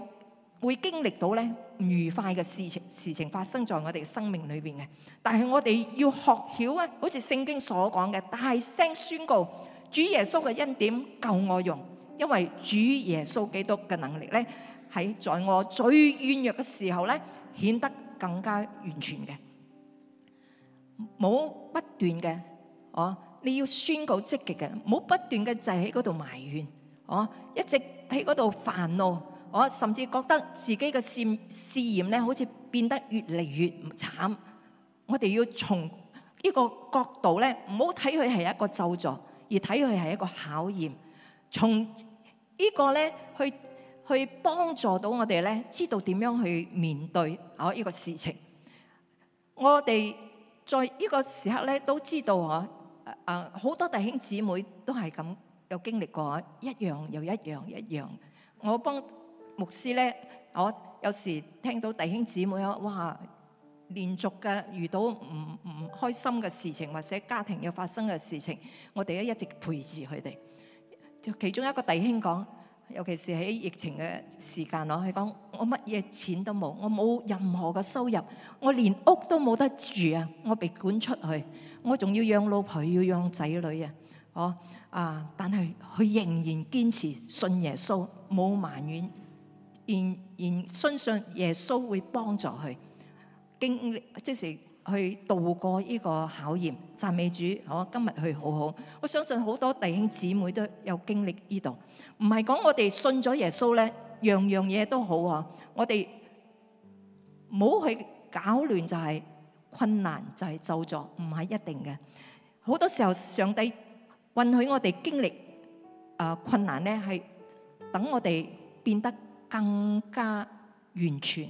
Speaker 1: 會經歷到咧愉快嘅事情，事情發生在我哋生命裏邊嘅。但係我哋要學曉啊，好似聖經所講嘅，大聲宣告主耶穌嘅恩典夠我用。因為主耶穌基督嘅能力在，在我最軟弱嘅時候咧，顯得更加完全嘅。唔好不斷嘅，哦，你要宣告積極嘅，唔好不斷嘅就喺嗰度埋怨，哦，一直喺嗰度煩惱，哦，甚至覺得自己嘅試試驗好似變得越嚟越慘。我哋要從呢個角度咧，唔好睇佢係一個咒詛，而睇佢係一個考驗。從呢個咧，去去幫助到我哋咧，知道點樣去面對啊呢個事情。我哋在呢個時刻咧，都知道啊啊好多弟兄姊妹都係咁有經歷過啊，一樣又一樣一樣。我幫牧師咧，我有時聽到弟兄姊妹啊，哇連續嘅遇到唔唔開心嘅事情，或者家庭有發生嘅事情，我哋咧一直陪住佢哋。就其中一個弟兄講，尤其是喺疫情嘅時間，佢佢講我乜嘢錢都冇，我冇任何嘅收入，我連屋都冇得住啊！我被趕出去，我仲要養老婆，要養仔女啊！但係佢仍然堅持信耶穌，冇埋怨，仍然相信，信耶穌會幫助佢經歷，即是。去渡過呢個考驗，讚美主！我今日去好好，我相信好多弟兄姊妹都有經歷呢度。唔係講我哋信咗耶穌咧，樣樣嘢都好啊！我哋唔好去搞亂，就係困難就係救助，唔係一定嘅。好多時候，上帝允許我哋經歷誒困難咧，係等我哋變得更加完全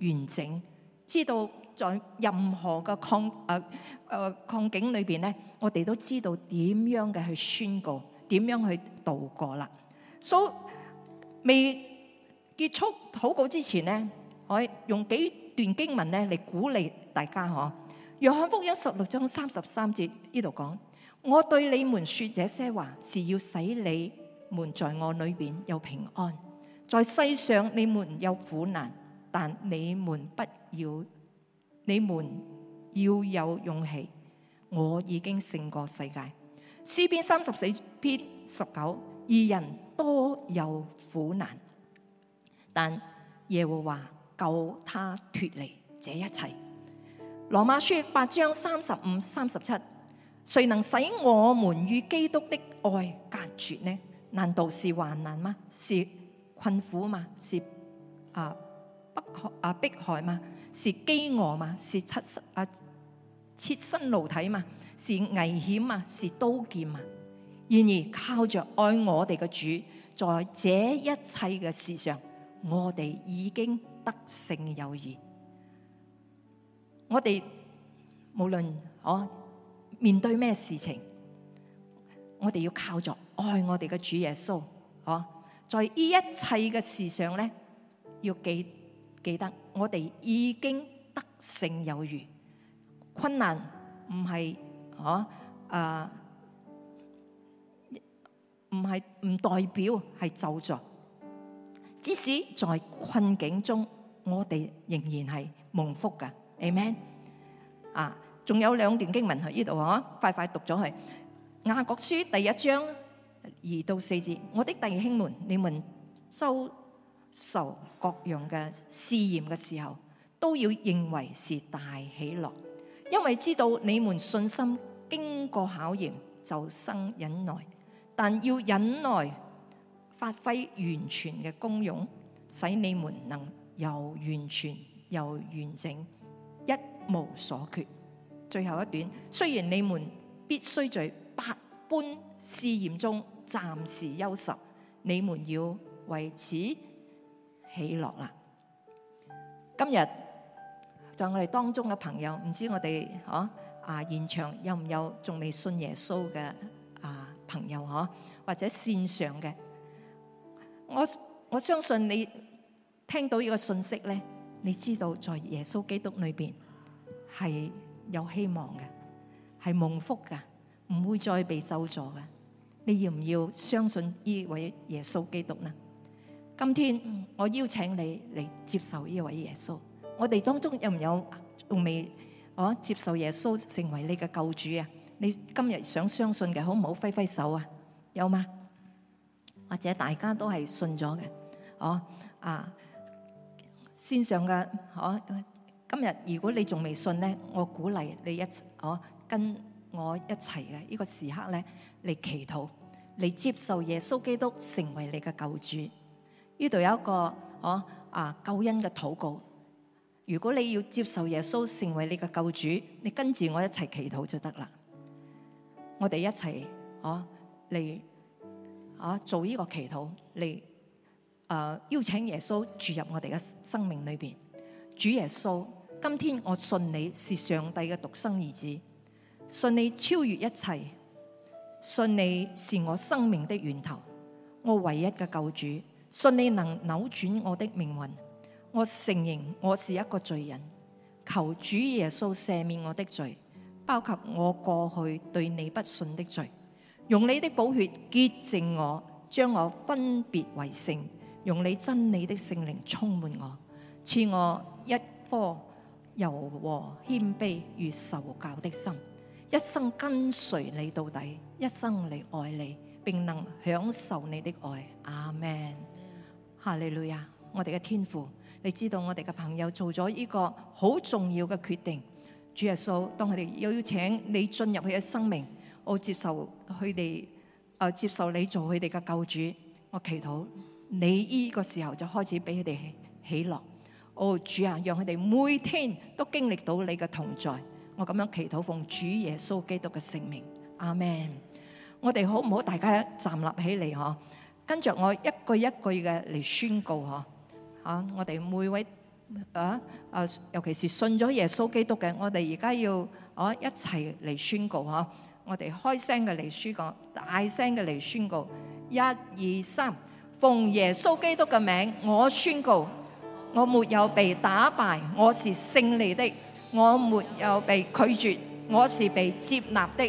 Speaker 1: 完整，知道。在任何嘅困誒誒困境裏邊咧，我哋都知道點樣嘅去宣告，點樣去度過啦。所以未結束禱告之前咧，我用幾段經文咧嚟鼓勵大家呵。約翰福音十六章三十三節呢度講：我對你們説這些話，是要使你們在我裏邊有平安，在世上你們有苦難，但你們不要。你們要有勇氣，我已經勝過世界。詩篇三十四篇十九，二人多有苦難，但耶和華救他脱離這一切。羅馬書八章三十五、三十七，誰能使我們與基督的愛隔絕呢？難道是患難嗎？是困苦嗎？是啊不啊迫害嗎？是飢餓嘛？是七啊，赤身露體嘛？是危險嘛？是刀劍嘛？然而靠着愛我哋嘅主，在這一切嘅事上，我哋已經得勝有餘。我哋無論我面對咩事情，我哋要靠着愛我哋嘅主耶穌，嗬！在呢一切嘅事上咧，要記。記得我哋已經得勝有餘，困難唔係嗬，誒唔係唔代表係就在，即使在困境中，我哋仍然係蒙福㗎，Amen。啊，仲有兩段經文喺呢度嗬，快快讀咗佢雅各書第一章二到四節，我的弟兄們，你們收。受各樣嘅試驗嘅時候，都要認為是大喜樂，因為知道你們信心經過考驗就生忍耐。但要忍耐，發揮完全嘅功用，使你們能又完全又完整，一無所缺。最後一段，雖然你們必須在百般試驗中暫時憂愁，你們要為此。喜樂啦！今日在我哋當中嘅朋友，唔知我哋嗬啊現場有唔有仲未信耶穌嘅啊朋友嗬，或者線上嘅，我我相信你聽到呢個信息咧，你知道在耶穌基督裏邊係有希望嘅，係蒙福嘅，唔會再被咒詛嘅。你要唔要相信呢位耶穌基督呢？今天我邀請你嚟接受呢位耶穌。我哋當中有唔有仲未哦接受耶穌成為你嘅救主啊？你今日想相信嘅，好唔好揮揮手啊？有嗎？或者大家都係信咗嘅哦啊。線上嘅哦，今日如果你仲未信呢，我鼓勵你一哦跟我一齊嘅呢個時刻呢嚟祈禱，嚟接受耶穌基督成為你嘅救主。呢度有一個我啊救恩嘅禱告。如果你要接受耶穌成為你嘅救主，你跟住我一齊祈禱就得啦。我哋一齊哦嚟哦做呢個祈禱嚟誒、啊、邀請耶穌住入我哋嘅生命裏邊。主耶穌，今天我信你是上帝嘅獨生兒子，信你超越一切，信你是我生命的源頭，我唯一嘅救主。信你能扭轉我的命運，我承認我是一個罪人，求主耶穌赦免我的罪，包括我過去對你不信的罪，用你的寶血潔淨我，將我分別為聖，用你真理的聖靈充滿我，賜我一顆柔和謙卑與受教的心，一生跟隨你到底，一生嚟愛你，並能享受你的愛。阿門。哈利路亞，我哋嘅天父，你知道我哋嘅朋友做咗呢個好重要嘅決定。主耶穌，當佢哋邀請你進入佢嘅生命，我接受佢哋誒，接受你做佢哋嘅救主。我祈禱你呢個時候就開始俾佢哋喜樂。我、哦、主啊，讓佢哋每天都經歷到你嘅同在。我咁樣祈禱，奉主耶穌基督嘅聖名，阿門。我哋好唔好？大家站立起嚟，嗬。跟著我一句一句嘅嚟宣告呵，啊！我哋每位啊啊，尤其是信咗耶穌基督嘅，我哋而家要啊一齊嚟宣告呵，我哋開聲嘅嚟宣告，大聲嘅嚟宣告，一二三，奉耶穌基督嘅名，我宣告，我沒有被打敗，我是勝利的，我沒有被拒絕，我是被接納的。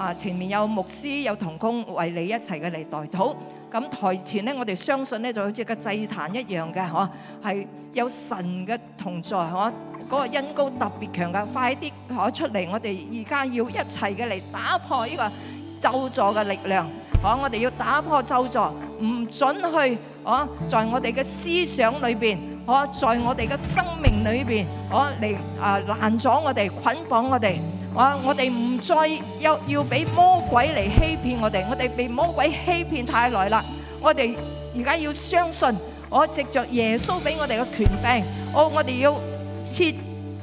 Speaker 1: 啊！前面有牧師有同工為你一齊嘅嚟代禱。咁台前咧，我哋相信咧，就好似個祭壇一樣嘅，嗬，係有神嘅同在，嗬，嗰個恩膏特別強嘅，快啲可出嚟！我哋而家要一齊嘅嚟打破呢個咒詛嘅力量，嗬！我哋要打破咒詛，唔準去，嗬，在我哋嘅思想裏邊，嗬，在我哋嘅生命裏邊，嗬，嚟啊攔阻我哋，捆綁我哋。我我哋唔再要要俾魔鬼嚟欺騙我哋，我哋被魔鬼欺騙太耐啦。我哋而家要相信，我藉著耶穌俾我哋嘅權柄，我我哋要撤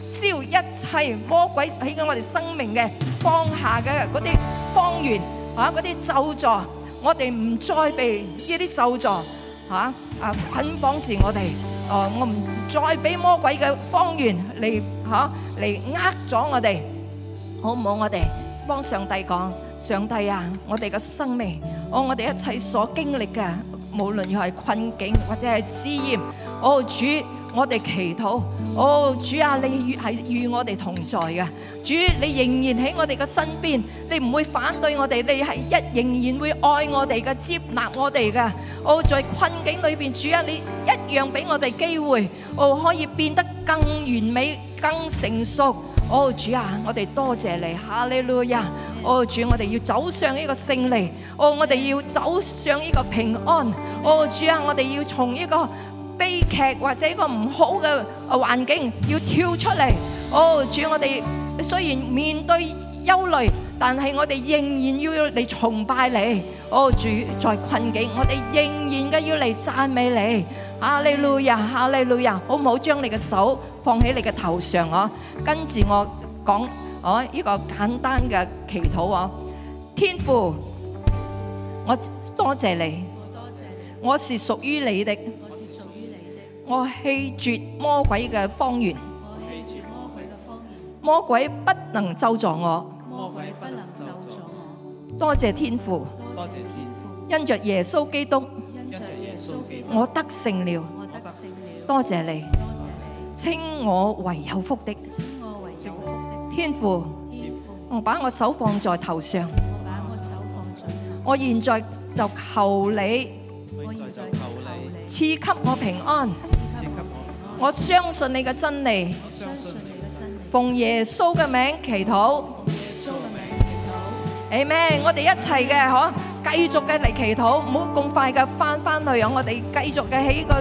Speaker 1: 銷一切魔鬼喺我哋生命嘅放下嘅嗰啲謊言啊，嗰啲咒詛，我哋唔再被呢啲咒詛啊啊捆綁住我哋。哦，我唔再俾魔鬼嘅謊言嚟嚇嚟呃咗我哋。好唔好？我哋幫上帝講，上帝啊，我哋嘅生命，哦，我哋一切所經歷嘅，無論係困境或者係試驗，哦，主，我哋祈禱，哦，主啊，你係與我哋同在嘅，主，你仍然喺我哋嘅身邊，你唔會反對我哋，你係一仍然會愛我哋嘅，接納我哋嘅。哦，在困境裏邊，主啊，你一樣俾我哋機會，哦，可以變得更完美、更成熟。哦，主啊，我哋多謝你，哈利路亞！哦，主，我哋要走上呢個勝利，哦，我哋要走上呢個平安，哦，主啊，我哋要從呢個悲劇或者一個唔好嘅環境要跳出嚟，哦，主，我哋雖然面對憂慮，但係我哋仍然要嚟崇拜你，哦，主，在困境，我哋仍然嘅要嚟讚美你。阿利路亞，阿利路亞，好唔好將你嘅手放喺你嘅頭上啊？跟住我講，啊，呢個簡單嘅祈禱啊。天父，我多謝你，我是屬於你的，我是屬於你的，我棄絕魔鬼嘅謊言，魔鬼不能咒詛我，魔鬼不能咒詛我。多謝天父，多謝天父，因着耶穌基督。我得勝了，多謝你，稱我為有福的，天父，我把我手放在頭上，我現在就求你賜給我平安，我相信你嘅真理，奉耶穌嘅名祈禱，阿們，我哋一齊嘅嗬。繼續嘅嚟祈禱，唔好咁快嘅返返去啊！我哋繼續嘅喺個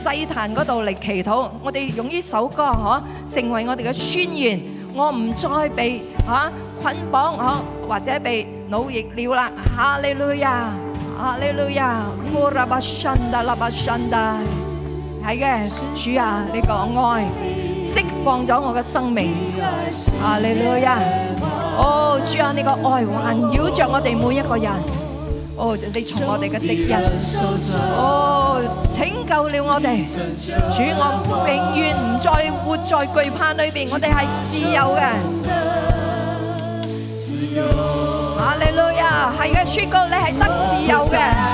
Speaker 1: 祭壇嗰度嚟祈禱，我哋用呢首歌嗬，成為我哋嘅宣言。我唔再被吓捆綁嗬，或者被奴役了啦！哈利路亞，哈利路亞，庫拉巴申達，拉巴申達，係嘅，主啊，你個愛釋放咗我嘅生命。哈利路亞，哦，主啊，你個愛環繞着我哋每一個人。哦，你從我哋嘅敵人，人，哦，拯救了我哋！主我，我永遠唔再活在懼怕裏面。我哋係自由嘅。哈利路亞呀，係嘅，雪哥，你係得自由嘅。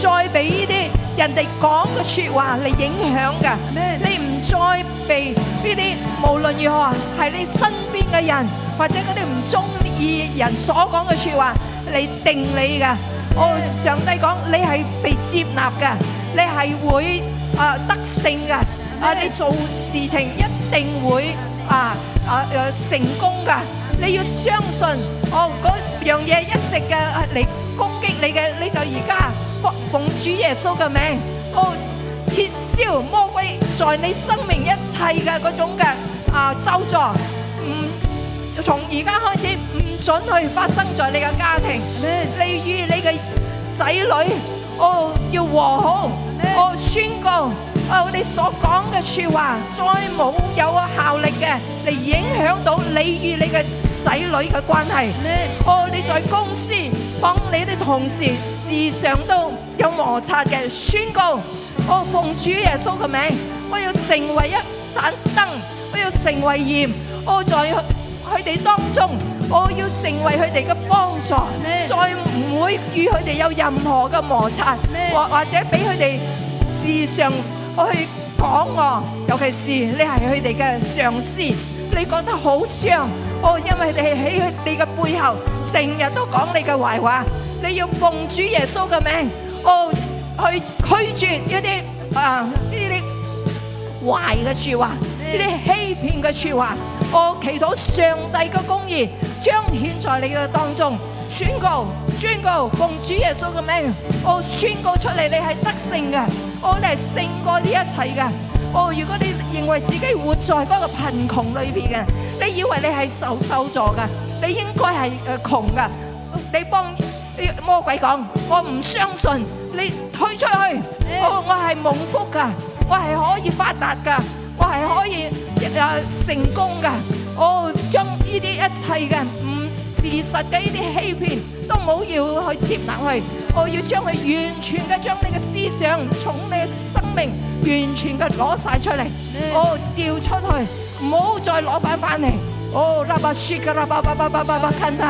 Speaker 1: 再俾呢啲人哋講嘅說話嚟影響㗎，你唔再被呢啲無論如何係你身邊嘅人或者嗰啲唔中意嘅人所講嘅說話嚟定你㗎。哦，上帝講你係被接納嘅，你係會啊得勝嘅啊，你做事情一定會啊啊成功嘅。你要相信哦，嗰樣嘢一直嘅嚟攻擊你嘅，你就而家。奉主耶穌嘅名，哦撤銷魔鬼在你生命一切嘅嗰種嘅啊咒詛，唔從而家開始唔准去發生在你嘅家庭，你與你嘅仔女，哦要和好，哦宣告，哦你所講嘅說話再冇有效力嘅嚟，影響到你與你嘅仔女嘅關係，哦你在公司幫你啲同事，時常都有摩擦嘅。宣告我奉主耶穌嘅名，我要成為一盞燈，我要成為鹽，我在佢哋當中，我要成為佢哋嘅幫助，再唔會與佢哋有任何嘅摩擦，或或者俾佢哋時常我去講我，尤其是你係佢哋嘅上司，你覺得好傷哦，因為佢哋係喺你嘅背後，成日都講你嘅壞話，你要奉主耶穌嘅名，哦，去拒絕一啲啊呢啲壞嘅說話，呢啲欺騙嘅說話。我祈禱上帝嘅公義彰顯在你嘅當中，宣告宣告奉主耶穌嘅名，我宣告出嚟，你係得勝嘅，我哋係勝過呢一切嘅。哦，如果你認為自己活在嗰個貧窮裏邊嘅，你以為你係受受助嘅，你應該係誒窮嘅。你幫啲魔鬼講，我唔相信你退出去。哦，我係蒙福嘅，我係可以發達嘅，我係可以誒成功嘅。哦，將呢啲一切嘅唔。事實嘅呢啲欺騙都唔好要去接納去，我要將佢完全嘅將你嘅思想從你嘅生命完全嘅攞晒出嚟，哦掉出去，唔好再攞返返嚟，哦拉巴說嘅拉巴拉拉拉拉拉，肯定，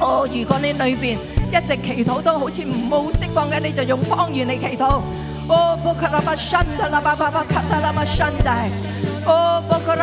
Speaker 1: 哦如果你裏邊一直祈禱都好似冇釋放嘅，你就用方言嚟祈禱，哦布卡拉巴新嘅拉巴拉拉卡達拉巴新的。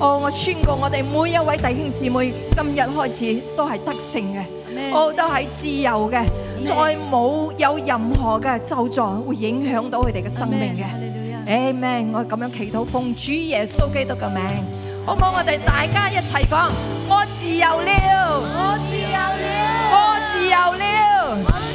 Speaker 1: 我我宣告，我哋每一位弟兄姊妹，今日開始都係得勝嘅，我都係自由嘅，再冇有任何嘅咒詛會影響到佢哋嘅生命嘅。阿們。我咁樣祈禱，奉主耶穌基督嘅名，好唔好？我哋大家一齊講，我自由了，我自由了，我自由了。